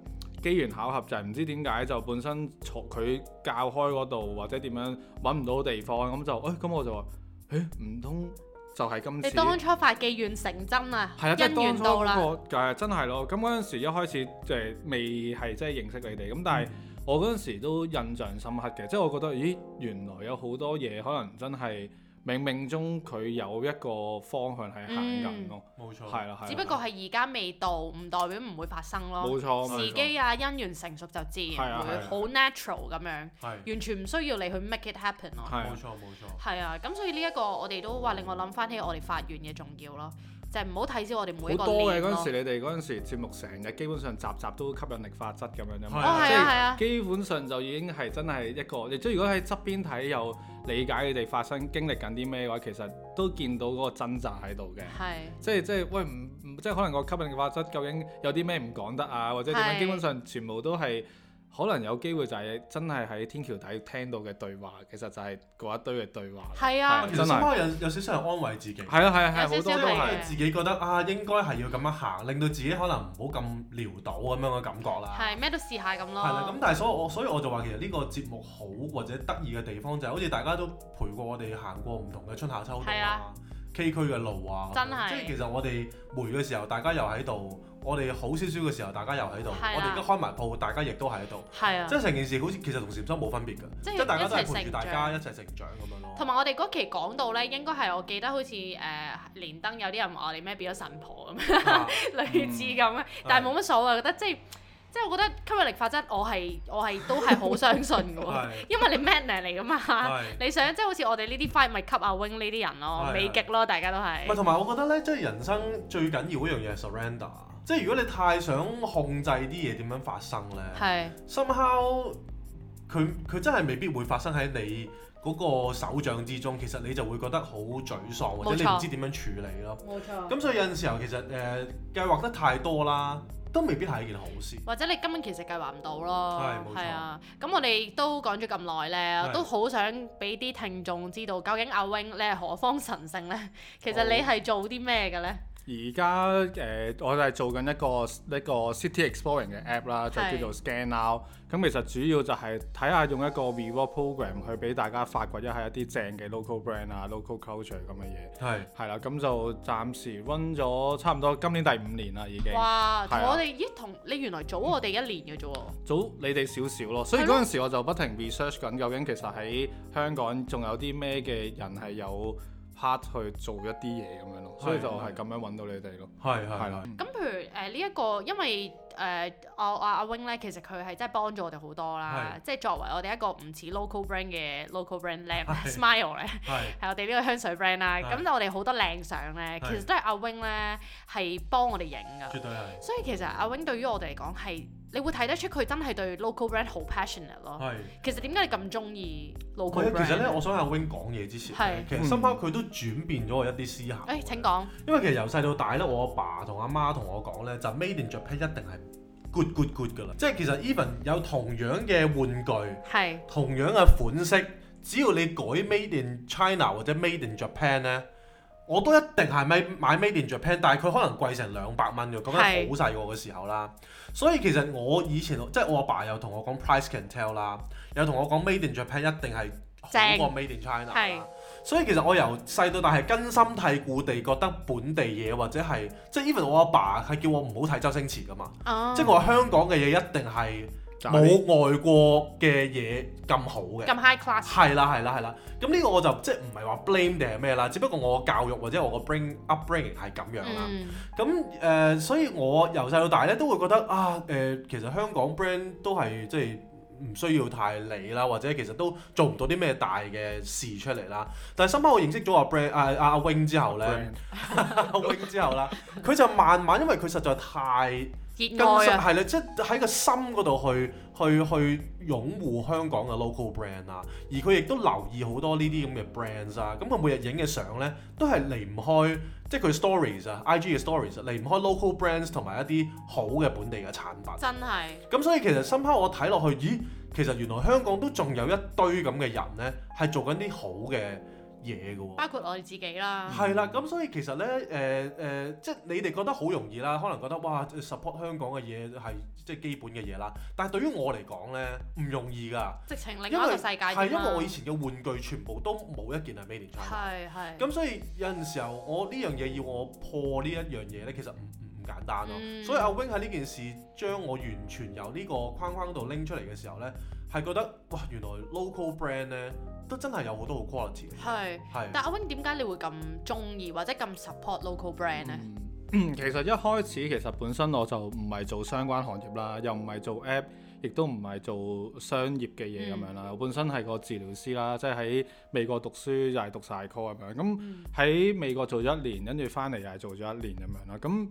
機緣巧合，就係、是、唔知點解就本身坐佢教開嗰度或者點樣揾唔到地方，咁就誒咁、欸、我就話，誒唔通？就係今次。你當初發願成真啊，姻、係啊、緣到啦、那個。真係咯。咁嗰陣時一開始誒、呃、未係即係認識你哋，咁但係我嗰陣時都印象深刻嘅，嗯、即係我覺得，咦，原來有好多嘢可能真係。冥冥中佢有一個方向係行緊咯，冇、嗯、錯，係啦、啊，係、啊啊、只不過係而家未到，唔代表唔會發生咯，冇錯，冇錯。時機啊，因緣成熟就自然會好 natural 咁樣，錯完全唔需要你去 make it happen 咯，冇錯冇錯。係啊，咁錯、啊、所以呢一個我哋都話令我諗翻起我哋發願嘅重要咯。就係唔好睇少我哋每一個年咯，好多嘅嗰陣時，哦、你哋嗰陣時節目成日基本上集集都吸引力法則咁樣嘅。係、哦、嗎啊，係啊。基本上就已經係真係一個，即係如果喺側邊睇又理解你哋發生經歷緊啲咩嘅話，其實都見到嗰個掙扎喺度嘅。係是。即係即係，喂，唔唔，即係可能個吸引力法則究竟有啲咩唔講得啊？或者點樣？是基本上全部都係。可能有機會就係真係喺天橋底聽到嘅對話，其實就係嗰一堆嘅對話。係啊，真其實有，有少少係安慰自己。係啊係係係，好、啊啊、多啲我自己覺得的啊，應該係要咁樣行，令到自己可能唔好咁潦倒咁樣嘅感覺啦。係咩都試下咁咯。係啦，咁但係所以我所以我就話其實呢個節目好或者得意嘅地方就係好似大家都陪過我哋行過唔同嘅春夏秋冬啊，崎嶇嘅路啊，即係的、就是、其實我哋攰嘅時候，大家又喺度。我哋好少少嘅時候，大家又喺度。我哋而家開埋鋪，大家亦都喺度，即係成件事好似其實同禪修冇分別嘅，即係大家都係伴住大家一齊成長咁樣咯。同埋我哋嗰期講到咧，應該係我記得好似誒連登有啲人話你咩變咗神婆咁類似咁，但係冇乜所謂，覺得即係即係我覺得吸引力法則，我係我係都係好相信嘅，因為你 man 嚟㗎嘛。你想即係好似我哋呢啲 fight 咪吸阿 Wing 呢啲人咯，美極咯，大家都係。同埋我覺得咧，即係人生最緊要嗰樣嘢係 surrender。即係如果你太想控制啲嘢點樣發生呢是，somehow 佢佢真係未必會發生喺你嗰個手掌之中，其實你就會覺得好沮喪，或者你唔知點樣處理咯。冇錯。咁所以有陣時候其實誒、呃、計劃得太多啦，都未必係一件好事。或者你根本其實計劃唔到咯。係，冇錯。係啊，咁我哋都講咗咁耐呢，是都好想俾啲聽眾知道，究竟阿 Wing 你係何方神聖呢？ 其實你係做啲咩嘅呢？Oh. 而家誒，我哋做緊一個呢個 City Exploring 嘅 app 啦，就叫做 Scan Now 是的、嗯。咁其實主要就係睇下用一個 reward program 去俾大家發掘一下一啲正嘅 local brand 啊、local culture 咁嘅嘢。係是的。係啦，咁就暫時 run 咗差唔多今年第五年啦，已經。哇！我哋咦，同的你原來早我哋一年嘅啫喎。早、嗯、你哋少少咯，所以嗰陣時我就不停 research 緊，究竟其實喺香港仲有啲咩嘅人係有。part 去做一啲嘢咁樣咯，的所以就係咁樣揾到你哋咯。係係。咁譬如誒呢一個，因為誒、呃、我，我阿阿 Wing 咧，其實佢係真係幫咗我哋好多啦。即係的作為我哋一個唔似 loc local brand 嘅 local brand lab smile 咧呢，係的我哋呢個香水 brand 啦。咁的就我哋好多靚相咧，的其實都係阿 Wing 咧係幫我哋影㗎。絕對係。所以其實阿 Wing 對於我哋嚟講係。你會睇得出佢真係對 local brand 好 passionate 咯。係是，其實點解你咁中意 local brand？其實咧，我想阿 Wing 講嘢之前，是其實深刻佢都轉變咗我一啲思考。誒、嗯，請講。因為其實由細到大咧，我阿爸同阿媽同我講咧，就 made in Japan 一定係 good good good 㗎喇。即係其實 even 有同樣嘅玩具，係是同樣嘅款式，只要你改 made in China 或者 made in Japan 咧。我都一定係咪買 Made in Japan？但係佢可能貴成兩百蚊㗎，嗰陣好細個嘅時候啦。是所以其實我以前即係、就是、我阿爸，爸又同我講 Price can tell 啦，又同我講 Made in Japan 一定係好過 Made in China。正所以其實我由細到大係根深蒂固地覺得本地嘢或者係即係 even 我阿爸係叫我唔好睇周星馳㗎嘛，即係我香港嘅嘢一定係。冇外國嘅嘢咁好嘅，咁 high class，係啦係啦係啦。咁呢個我就即係唔係話 blame 定係咩啦？只不過我教育或者我個 bring upbringing 係咁樣啦。咁誒、嗯呃，所以我由細到大咧都會覺得啊誒、呃，其實香港 brand 都係即係唔需要太理啦，或者其實都做唔到啲咩大嘅事出嚟啦。但係後尾我認識咗阿、啊、brand 阿、啊、阿、啊啊、wing 之後咧 A brand. 啊啊、wing 之後啦，佢就慢慢因為佢實在太。根本係咧，即喺個心嗰度去去去擁護香港嘅 local brand 啊，而佢亦都留意好多呢啲咁嘅 brands 啊，咁佢每日影嘅相呢，都係離唔開，即係佢 stories 啊，IG 嘅 stories 離唔開 local brands 同埋一啲好嘅本地嘅產品。真係的。咁所以其實深刻，我睇落去，咦，其實原來香港都仲有一堆咁嘅人呢，係做緊啲好嘅。嘢包括我哋自己啦。係啦、嗯，咁所以其實呢，誒、呃、誒、呃，即係你哋覺得好容易啦，可能覺得哇，support 香港嘅嘢係即係基本嘅嘢啦。但係對於我嚟講呢，唔容易㗎。直情另一個世界咁係、啊、因，因為我以前嘅玩具全部都冇一件係 Made in China。係、係。咁所以有陣時候，我呢樣嘢要我破呢一樣嘢呢，其實唔唔簡單咯、啊。嗯、所以阿 Wing 喺呢件事將我完全由呢個框框度拎出嚟嘅時候呢，係覺得哇，原來 local brand 呢。」都真係有好多好 quality 嘅，係係但阿 Wing 點解你會咁中意或者咁 support local brand 咧？嗯，其實一開始其實本身我就唔係做相關行業啦，又唔係做 app，亦都唔係做商業嘅嘢咁樣啦。嗯、我本身係個治療師啦，即係喺美國讀書又係、就係、讀晒 call 咁樣。咁喺美國做咗一年，跟住翻嚟又係做咗一年咁樣啦。咁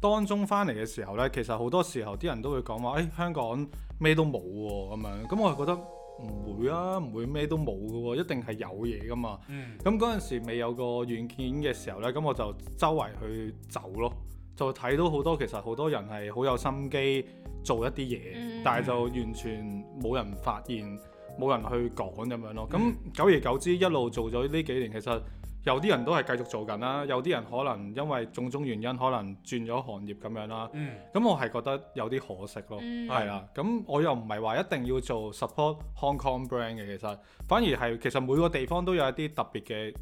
當中翻嚟嘅時候咧，其實好多時候啲人都會講話誒香港咩都冇喎咁樣。咁我就覺得。唔會啊，唔會咩都冇㗎喎，一定係有嘢㗎嘛。咁嗰陣時未有個軟件嘅時候呢，咁我就周圍去走咯，就睇到好多其實好多人係好有心機做一啲嘢，嗯、但係就完全冇人發現，冇、嗯、人去講咁樣咯。咁、嗯、久而久之，一路做咗呢幾年，其實～有啲人都係繼續做緊啦，有啲人可能因為種種原因，可能轉咗行業咁樣啦。咁、嗯、我係覺得有啲可惜咯，係啦。咁我又唔係話一定要做 support Hong Kong brand 嘅，其實反而係其實每個地方都有一啲特別嘅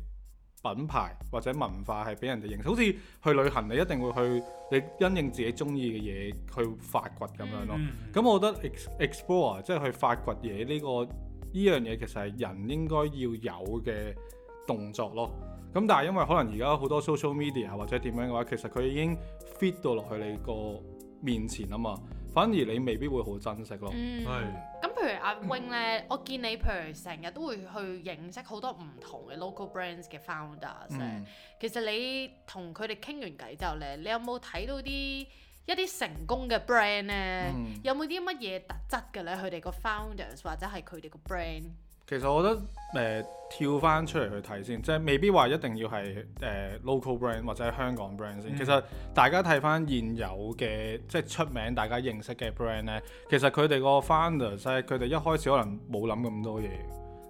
品牌或者文化係俾人哋認識，好似去旅行你一定會去，你因應自己中意嘅嘢去發掘咁樣咯。咁、嗯、我覺得 ex explore 即係去發掘嘢呢、這個呢樣嘢，這個這個、其實係人應該要有嘅。動作咯，咁但係因為可能而家好多 social media 或者點樣嘅話，其實佢已經 fit 到落去你個面前啊嘛，反而你未必會好珍惜咯。係、嗯。咁是譬如阿 Wing 咧，嗯、我見你譬如成日都會去認識好多唔同嘅 local brands 嘅 founders，、嗯、其實你同佢哋傾完偈之後咧，你有冇睇到啲一啲成功嘅 brand 咧？嗯、有冇啲乜嘢特質嘅咧？佢哋個 founders 或者係佢哋個 brand？其實我覺得誒、呃、跳翻出嚟去睇先，即係未必話一定要係誒、呃、local brand 或者香港 brand 先。嗯、其實大家睇翻現有嘅即係出名、大家認識嘅 brand 咧，其實佢哋個 founders 佢哋一開始可能冇諗咁多嘢，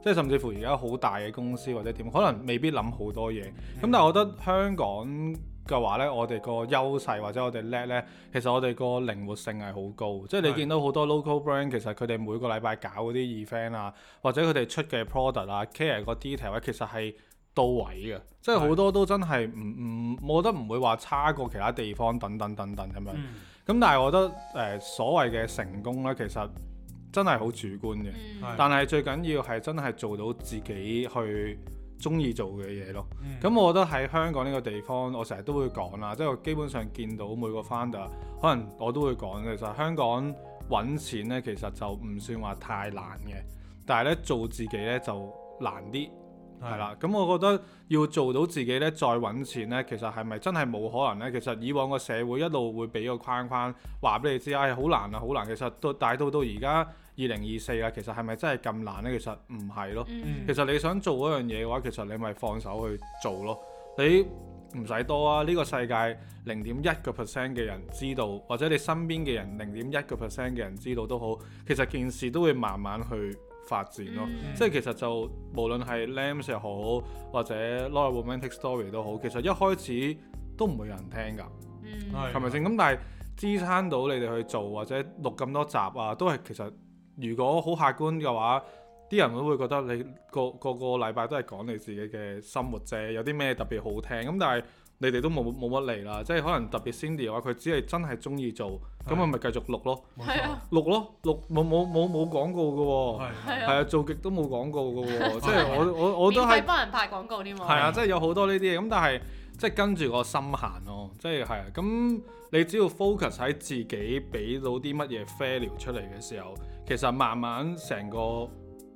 即係甚至乎而家好大嘅公司或者點，可能未必諗好多嘢。咁、嗯、但係我覺得香港嘅話咧，我哋個優勢或者我哋叻咧，其實我哋個靈活性係好高，即係你見到好多 local brand，其實佢哋每個禮拜搞嗰啲 event 啊，或者佢哋出嘅 product 啊、care 個 detail 啊，其實係到位嘅，即係好多都真係唔唔，我覺得唔會話差過其他地方等等等等咁樣。咁、嗯嗯、但係我覺得誒、呃、所謂嘅成功咧，其實真係好主觀嘅，的但係最緊要係真係做到自己去中意做嘅嘢咯，咁、嗯、我覺得喺香港呢個地方，我成日都會講啦，即係我基本上見到每個 founder，可能我都會講，其實香港揾錢呢，其實就唔算話太難嘅，但係咧做自己呢就難啲，係啦。咁是我覺得要做到自己呢，再揾錢呢，其實係咪真係冇可能呢？其實以往個社會一路會俾個框框話俾你知，唉、哎，好難啊，好難。其實都但到大到到而家。二零二四啊，2024，其實係咪真係咁難呢？其實唔係咯，嗯、其實你想做嗰樣嘢嘅話，其實你咪放手去做咯。你唔使多啊，呢、這個世界零點一個 percent 嘅人知道，或者你身邊嘅人零點一個 percent 嘅人知道都好，其實件事都會慢慢去發展咯。嗯、即係其實就無論係 Lambs 又好，或者 Love Romantic Story 都好，其實一開始都唔會有人聽㗎，係咪先？咁、嗯、但係支撐到你哋去做或者錄咁多集啊，都係其實。如果好客觀嘅話，啲人都會覺得你個個個禮拜都係講你自己嘅生活啫，有啲咩特別好聽咁。但係你哋都冇冇乜嚟啦，即係可能特別 Cindy 嘅話，佢只係真係中意做，咁我咪繼續錄咯，錄咯，錄冇冇冇冇廣告嘅喎，係啊，做極都冇廣告嘅喎，即係我我我都係幫人拍廣告添喎，係啊，即係有好多呢啲嘢，咁但係即係跟住個心行咯，即係係啊，咁你只要 focus 喺自己俾到啲乜嘢 value 出嚟嘅時候。其實慢慢成個誒、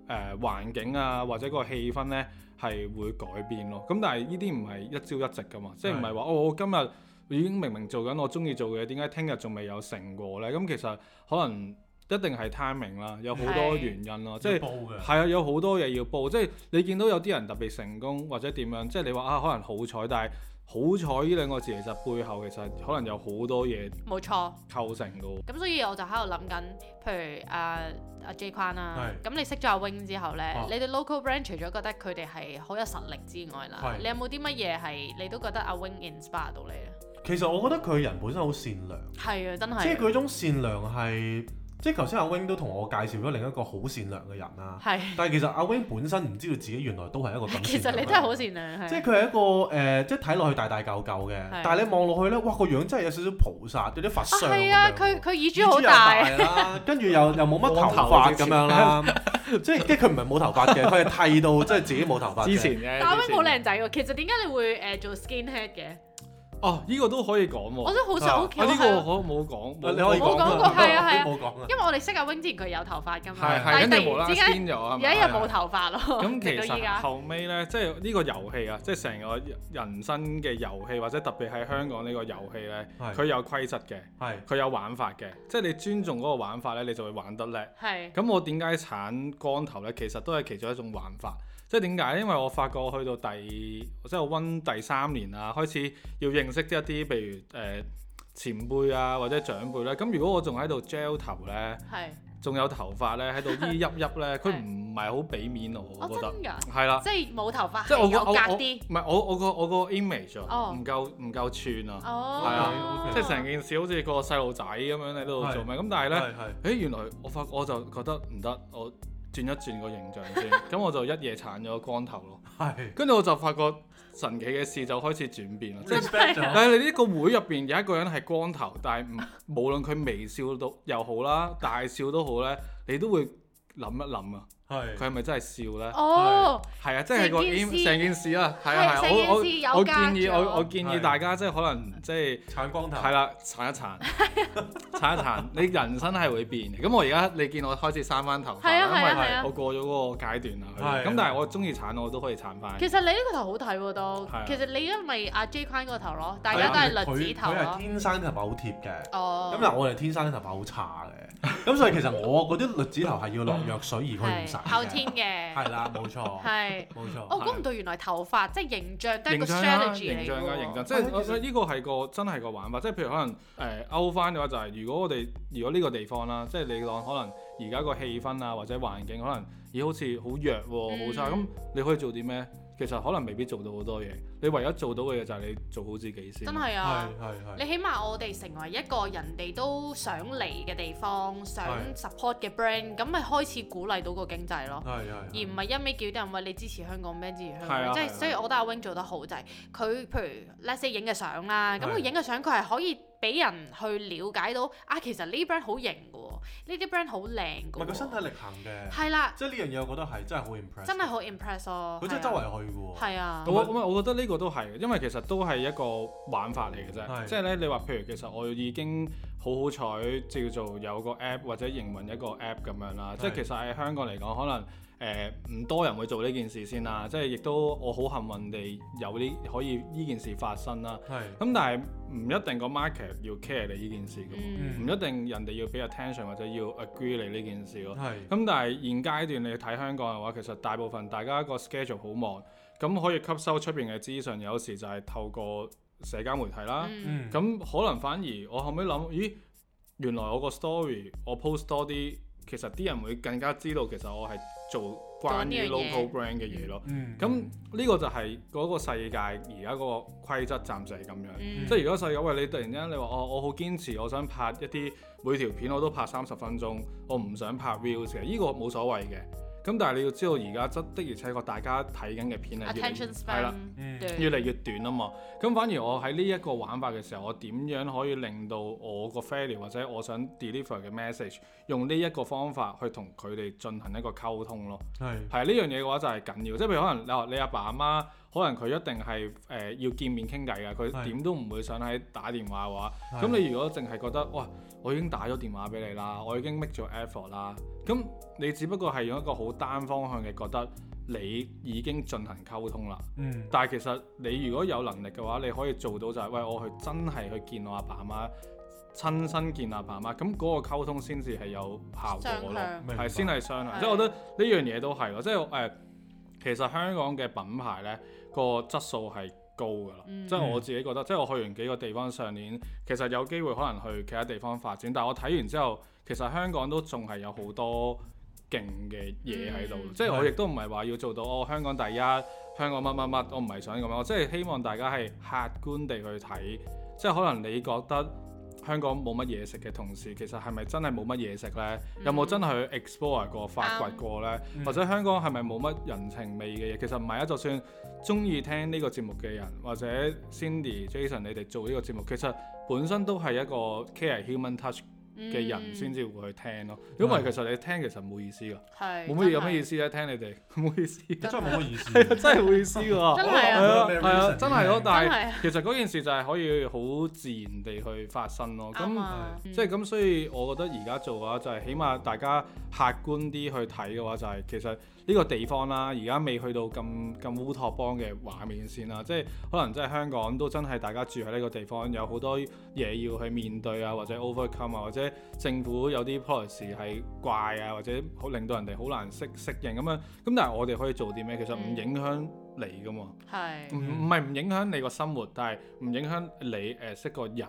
呃、環境啊，或者個氣氛呢係會改變咯。咁但係呢啲唔係一朝一夕噶嘛，是即係唔係話哦，我今日已經明明做緊我鍾意做嘅嘢，點解聽日仲未有成果呢？咁、嗯、其實可能一定係 timing 啦，有好多原因咯，是即係是係啊，有好多嘢要報，即係你見到有啲人特別成功或者點樣，即係你話啊，可能好彩，但係。好彩呢兩個字，其實背後其實可能有好多嘢冇錯構成噶。咁所以我就喺度諗緊，譬如阿阿 Jay Kwan 啦，咁你識咗阿 Wing 之後呢，啊、你哋 local brand 除咗覺得佢哋係好有實力之外啦，是你有冇啲乜嘢係你都覺得阿 Wing inspire 到你咧？其實我覺得佢人本身好善良，係啊，真係，即係佢種善良係。即係頭先阿 Wing 都同我介紹咗另一個好善良嘅人啦，是但係其實阿 Wing 本身唔知道自己原來都係一個咁善良嘅人。其實你真係好善良，即係佢係一個誒、呃，即係睇落去大大舊舊嘅，是但係你望落去咧，哇個樣真係有少少菩薩，有啲佛相。係啊，佢佢、啊、耳珠好大。耳珠又大啦，跟住又又冇乜頭髮咁樣啦， 即係即係佢唔係冇頭髮嘅，佢係 剃到即係自己冇頭髮之。之前嘅。阿 Wing 好靚仔喎，其實點解你會誒做 skinhead 嘅？哦，呢個都可以講喎。我都好想，我呢個可冇講。唔好講過，係啊係啊，因為我哋識阿 Wing 之前佢有頭髮㗎嘛。係係，肯定冇啦。突然之間，有一日冇頭髮咯。咁其實後尾咧，即係呢個遊戲啊，即係成個人生嘅遊戲，或者特別喺香港呢個遊戲咧，佢有規則嘅，係佢有玩法嘅。即係你尊重嗰個玩法咧，你就會玩得叻。係。咁我點解鏟光頭咧？其實都係其中一種玩法。即係點解？因為我發覺去到第即係我温第三年啊，開始要認識一啲譬如誒前輩啊或者長輩咧。咁如果我仲喺度 gel 頭咧，係仲有頭髮咧喺度依鬱鬱咧，佢唔係好俾面我，我覺得係啦，即係冇頭髮，即係我個我唔係我我個我個 image 唔夠唔夠串啊，係啊，即係成件事好似個細路仔咁樣喺度做咩？咁但係咧，誒原來我發我就覺得唔得我。轉一轉個形象先，咁 我就一夜鏟咗光頭咯。跟住 我就發覺神奇嘅事就開始轉變啦。即係你呢個會入邊有一個人係光頭，但係唔 無論佢微笑到又好啦，大笑都好咧，你都會諗一諗啊。佢係咪真係笑咧？哦，係啊，即係個成件事啦，係啊係。我我我建議我我建議大家即係可能即係鏟光頭，係啦，鏟一鏟，鏟一鏟，你人生係會變。咁我而家你見我開始生翻頭髮，因為係我過咗嗰個階段啦。咁但係我中意鏟，我都可以鏟翻。其實你呢個頭好睇喎都，其實你而家咪阿 J 框個頭咯，大家都係栗子頭咯。佢佢係天生啲頭髮好貼嘅，咁但係我哋天生啲頭髮好差嘅，咁所以其實我嗰啲栗子頭係要落藥水而佢唔後天嘅係啦，冇錯，係冇錯。我估唔到原來頭髮即係形象都係個形象形象啊，形象、啊形象！嗯、即係呢、哎、個係個真係個玩法。即係譬如可能誒勾翻嘅話、就係，就係如果我哋如果呢個地方啦，即係你講可能而家個氣氛啊或者環境可能咦好似好弱喎、啊，好差咁，嗯、你可以做啲咩？其實可能未必做到好多嘢，你唯一做到嘅嘢就係你做好自己先。真係啊！你起碼我哋成為一個人哋都想嚟嘅地方，想 support 嘅 brand，咁咪是開始鼓勵到個經濟咯。而唔係一味叫啲人話你支持香港，咩支持香港？即係是、啊、所以我覺得阿 Wing 做得好就係、是、佢，譬如 let's say 影嘅相啦，咁佢影嘅相佢係可以。俾人去了解到啊，其實呢啲 brand 好型嘅喎，呢啲 brand 好靚嘅。唔係佢身體力行嘅。係啦的。即係呢樣嘢，我覺得係真係好 impress。真係好 impress 咯。佢真係周圍去嘅喎。係啊。咁我覺得呢個都係，因為其實都係一個玩法嚟嘅啫。即係咧，你話譬如其實我已經好好彩，叫做有個 app 或者營運一個 app 咁樣啦。即係的其實喺香港嚟講，可能。誒唔、呃、多人會做呢件事先啦，即係亦都我好幸運地有啲可以呢件事發生啦。咁是但係唔一定個 market 要 care 你呢件事嘅，唔、嗯、一定人哋要俾 attention 或者要 agree 你呢件事咯。咁、嗯、但係現階段你睇香港嘅話，其實大部分大家個 schedule 好忙，咁可以吸收出面嘅資訊，有時就係透過社交媒體啦。咁、嗯、可能反而我後尾諗，咦，原來我個 story 我 post 多啲。其實啲人會更加知道，其實我係做關於 local brand 嘅嘢咯。咁呢、嗯、個就係嗰個世界而家個規則，暫時係咁樣。嗯、即係如果世界喂，你突然間你話哦，我好堅持，我想拍一啲每條片我都拍三十分鐘，我唔想拍 reels，呢、呢個冇所謂嘅。咁但係你要知道而家真的而且確大家睇緊嘅片係越嚟越係啦，越嚟越短啊嘛。咁反而我喺呢一個玩法嘅時候，我點樣可以令到我個 failure 或者我想 deliver 嘅 message 用呢一個方法去同佢哋進行一個溝通咯。係呢是樣嘢嘅話就係緊要，即係譬如可能你你阿爸阿媽可能佢一定係誒、呃、要見面傾偈㗎，佢點都唔會想喺打電話嘅話。咁是你如果淨係覺得哇，我已經打咗電話俾你啦，我已經 make 咗 effort 啦。咁你只不過係用一個好單方向嘅覺得，你已經進行溝通啦。嗯、但係其實你如果有能力嘅話，你可以做到就係、是，喂，我去真係去見我阿爸阿媽，親身見阿爸阿媽，咁嗰個溝通先至係有效果咯。商量，係先係商量。即係我覺得呢樣嘢都係咯，即係誒、呃，其實香港嘅品牌咧個質素係高㗎咯。嗯、即係我自己覺得，嗯、即係我去完幾個地方上年，其實有機會可能去其他地方發展，但我睇完之後。其實香港都仲係有好多勁嘅嘢喺度，嗯、即係我亦都唔係話要做到的哦。香港第一、香港乜乜乜，我唔係想咁樣，我即係希望大家係客觀地去睇，即係可能你覺得香港冇乜嘢食嘅同時，其實係咪真係冇乜嘢食呢？嗯、有冇真係去 explore 過、發掘過呢？嗯、或者香港係咪冇乜人情味嘅嘢？其實唔係啊，就算中意聽呢個節目嘅人，或者 Cindy、Jason 你哋做呢個節目，其實本身都係一個 care human touch 嘅人先至會去聽咯，因為其實你聽其實冇意思噶，冇乜意有乜意思咧，聽你哋冇意思，真係冇乜意思，真係冇意思噶，真係啊，係啊，真係咯，但係其實嗰件事就係可以好自然地去發生咯，咁即係咁，所以我覺得而家做嘅話就係起碼大家客觀啲去睇嘅話就係其實。呢個地方啦、啊，而家未去到咁咁烏托邦嘅畫面先啦，即係可能即係香港都真係大家住喺呢個地方，有好多嘢要去面對啊，或者 overcome 啊，或者政府有啲 policy 係怪啊，或者令到人哋好難適適應咁樣。咁但係我哋可以做啲咩？其實唔影響你㗎嘛，唔唔係唔影響你個生活，但係唔影響你誒識個人，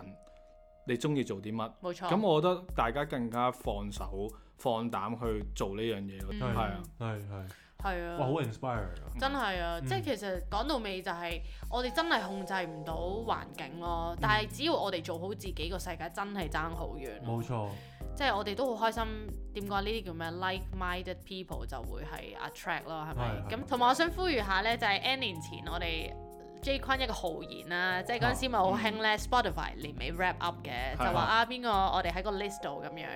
你中意做啲乜？冇錯。咁我覺得大家更加放手。放膽去做呢樣嘢咯，係、嗯、啊，係係係啊，哇好 inspire 啊，真係啊，啊嗯、即係其實講到尾就係我哋真係控制唔到環境咯，嗯、但係只要我哋做好自己，個世界真係爭好遠，冇錯，即係我哋都好開心。點解呢啲叫咩？Like-minded people 就會係 attract 咯，係咪？咁同埋我想呼籲下呢，就係 N 年前我哋。J 坤一個豪言啦，即係嗰陣時咪好興咧，Spotify 年尾 wrap up 嘅，就話啊邊個我哋喺個 list 度咁樣，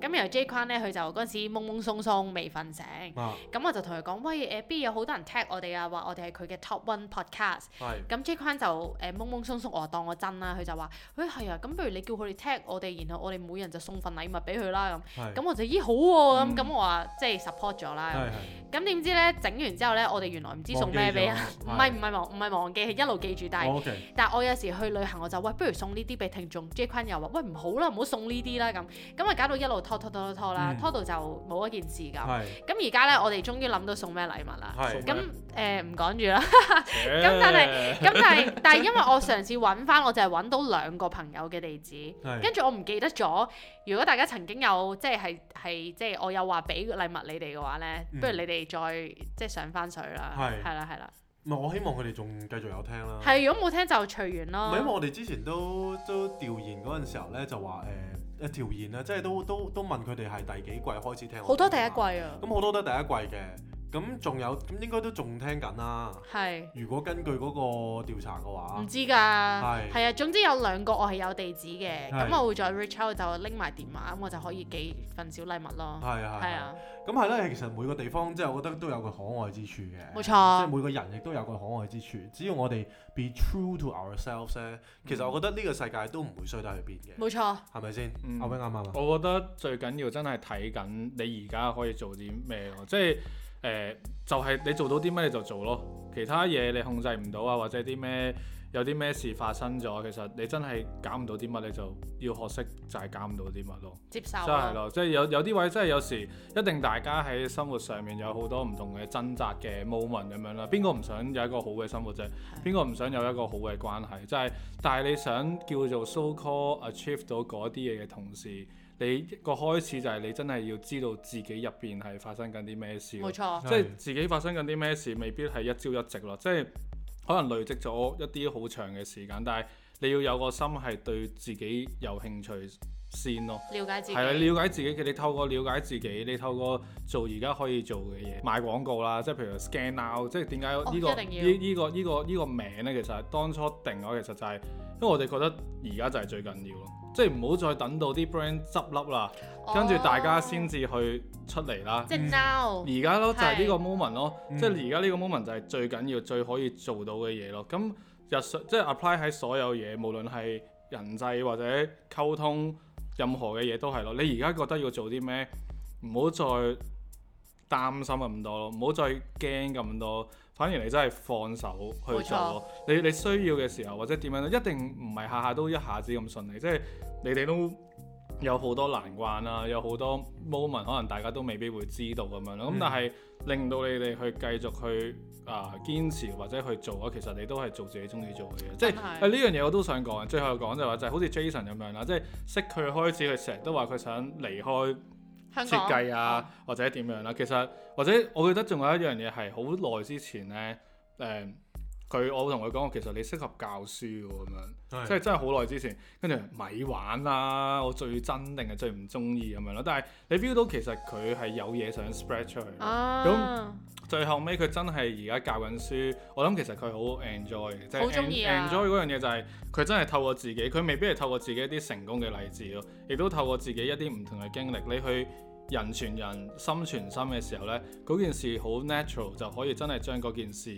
咁然後 J 坤咧佢就嗰陣時懵懵鬆鬆未瞓醒，咁我就同佢講喂誒，邊有好多人 tag 我哋啊，話我哋係佢嘅 top one podcast，咁 J 坤就誒懵懵鬆鬆我當我真啦，佢就話誒係啊，咁不如你叫佢哋 tag 我哋，然後我哋每人就送份禮物俾佢啦咁，咁我就咦好喎咁，咁我話即係 support 咗啦，咁點知咧整完之後咧，我哋原來唔知送咩俾人，唔係唔係忘唔係忘記。一路記住，但係、oh, okay. 但係我有時去旅行，我就，喂，不如送呢啲俾聽眾 Jason 又話，喂唔好啦，唔好送呢啲啦，咁咁啊，搞到一路拖拖拖拖拖啦，嗯、拖到就冇一件事咁。咁而家咧，我哋終於諗到送咩禮物啦。咁誒唔講住啦。咁、嗯呃嗯、但係咁但係但係因為我嘗試揾翻，我淨係揾到兩個朋友嘅地址，跟住我唔記得咗。如果大家曾經有即係係係即係我有話俾禮物你哋嘅話咧，嗯、不，不如你哋再即係上翻水啦，係啦係啦。唔係我希望佢哋仲繼續有聽啦。係，如果冇聽就隨緣咯。唔係，因為我哋之前都都調研嗰陣時候咧，就話誒誒調研咧，即係都都都問佢哋係第幾季開始聽。好多第一季啊。咁好多都係第一季嘅。咁仲有咁應該都仲聽緊啦。係。如果根據嗰個調查嘅話，唔知㗎。係係啊，總之有兩個我係有地址嘅，咁我會再 reach out 就拎埋電話，咁我就可以寄份小禮物咯。係啊係啊。咁係啦，其實每個地方即係我覺得都有個可愛之處嘅。冇錯。即係每個人亦都有個可愛之處，只要我哋 be true to ourselves 咧，其實我覺得呢個世界都唔會衰得去邊嘅。冇錯。係咪先？啱唔啱啊？我覺得最緊要真係睇緊你而家可以做啲咩咯，即係。誒、呃、就係、是、你做到啲乜你就做咯，其他嘢你控制唔到啊，或者啲咩有啲咩事發生咗，其實你真係搞唔到啲乜，你就要學識就係搞唔到啲乜咯。接受、啊。咯，即係有有啲位真係有時一定大家喺生活上面有好多唔同嘅掙扎嘅 moment 咁樣啦。邊個唔想有一個好嘅生活啫？邊個唔想有一個好嘅關係？就係、是、但係你想叫做 so-called achieve 到嗰啲嘢嘅同時。你個開始就係你真係要知道自己入邊係發生緊啲咩事，冇錯，即係自己發生緊啲咩事，未必係一朝一夕咯，即係可能累積咗一啲好長嘅時間，但係你要有個心係對自己有興趣先咯，瞭解自己，係你了解自己嘅，你透過了解自己，你透過做而家可以做嘅嘢，買廣告啦，即係譬如 SCANNOW，哦，即係點解呢個呢呢個呢個呢個名咧，其實係當初定嘅，其實就係因為我哋覺得而家就係最緊要咯。即係唔好再等到啲 brand 執笠啦，跟住大家先至去出嚟啦。即而家咯就係呢個 moment 咯，是即係而家呢個 moment 就係最緊要、嗯、要、最可以做到嘅嘢咯。咁日常即係 apply 喺所有嘢，無論係人際或者溝通，任何嘅嘢都係咯。你而家覺得要做啲咩？唔好再擔心咁多咯，唔好再驚咁多。反而你真係放手去做，冇錯，你你需要嘅時候或者點樣咧，一定唔係下下都一下子咁順利，即係你哋都有好多難關啊，有好多 moment 可能大家都未必會知道咁樣咯。咁、嗯、但係令到你哋去繼續去啊、呃、堅持或者去做啊，其實你都係做自己中意做嘅嘢。即係呢樣嘢我都想講，最後講就話就係好似 Jason 咁樣啦，即係識佢開始，佢成日都話佢想離開。設計啊，或者點樣啦、啊？嗯、其實，或者我記得仲有一樣嘢係好耐之前呢。誒、嗯。佢我同佢講，我其實你適合教書喎咁樣，的即係真係好耐之前，跟住咪玩啦，我最憎定係最唔中意咁樣咯。但係你 feel 到其實佢係有嘢想 spread 出去，咁、啊、最後尾佢真係而家教緊書，我諗其實佢好、就是啊、enjoy 嘅、就是，即係 enjoy 嗰樣嘢就係佢真係透過自己，佢未必係透過自己一啲成功嘅例子咯，亦都透過自己一啲唔同嘅經歷，你去人傳人心傳心嘅時候呢，嗰件事好 natural 就可以真係將嗰件事。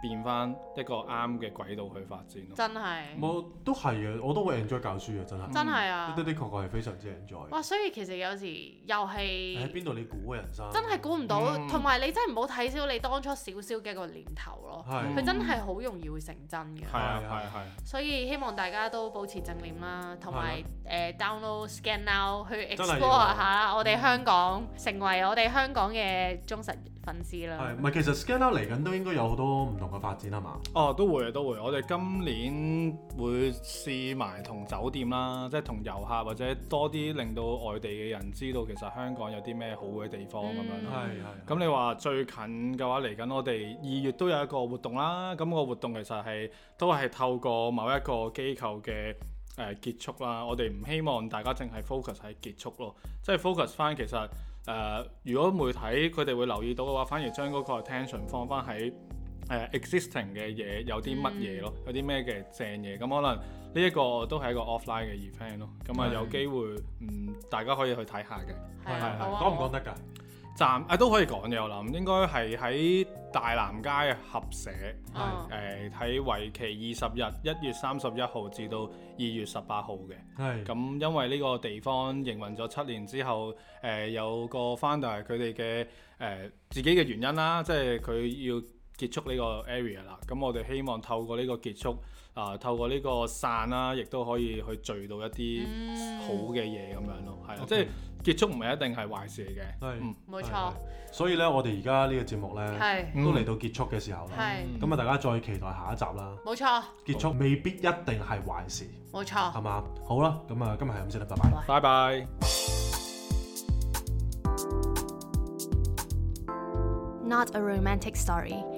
變翻一個啱嘅軌道去發展咯，真係，冇都係嘅，我都會 enjoy 教書嘅，真係，真係啊，的的確確係非常之 enjoy。哇，所以其實有時又係喺邊度你估嘅人生，真係估唔到，同埋你真係唔好睇小你當初少少嘅一個念頭咯，佢真係好容易會成真嘅。係係係。所以希望大家都保持正念啦，同埋誒 download SCANNOW 去 explore 下我哋香港，成為我哋香港嘅忠實。粉啦，係唔係其實 SCANNOW 嚟緊都應該有好多唔同嘅發展係嘛？哦、啊，都會啊都會，我哋今年會試埋同酒店啦，即係同遊客或者多啲令到外地嘅人知道其實香港有啲咩好嘅地方咁、嗯、樣。係係。咁你話最近嘅話嚟緊，我哋二月都有一個活動啦。咁、那個活動其實係都係透過某一個機構嘅誒、呃、結束啦。我哋唔希望大家淨係 focus 喺結束咯，即係 focus 翻其實。誒，uh, 如果媒體佢哋會留意到嘅話，反而將嗰個 attention 放翻喺誒 existing 嘅嘢，有啲乜嘢咯？嗯、有啲咩嘅正嘢咁，可能呢一個都係一個 offline 嘅 event 咯。咁啊，有機會係嗯，大家可以去睇下嘅，係係係，講唔講得㗎？站啊都可以講嘅，我諗應該係喺大南街合舍，係誒喺為期二十日，一月三十一號至到二月十八號嘅。係咁、oh. 嗯，因為呢個地方營運咗七年之後，誒、呃、有個翻，就係佢哋嘅誒自己嘅原因啦，即係佢要。結束呢個 area 啦，咁我哋希望透過呢個結束啊，透過呢個散啦，亦都可以去聚到一啲好嘅嘢咁樣咯，係啊，即係結束唔係一定係壞事嚟嘅，係，冇錯。所以呢，我哋而家呢個節目呢，都嚟到結束嘅時候啦，咁啊，大家再期待下一集啦，冇錯。結束未必一定係壞事，冇錯，係嘛？好啦，咁啊，今日係咁先啦，拜拜，拜拜。Not a romantic story.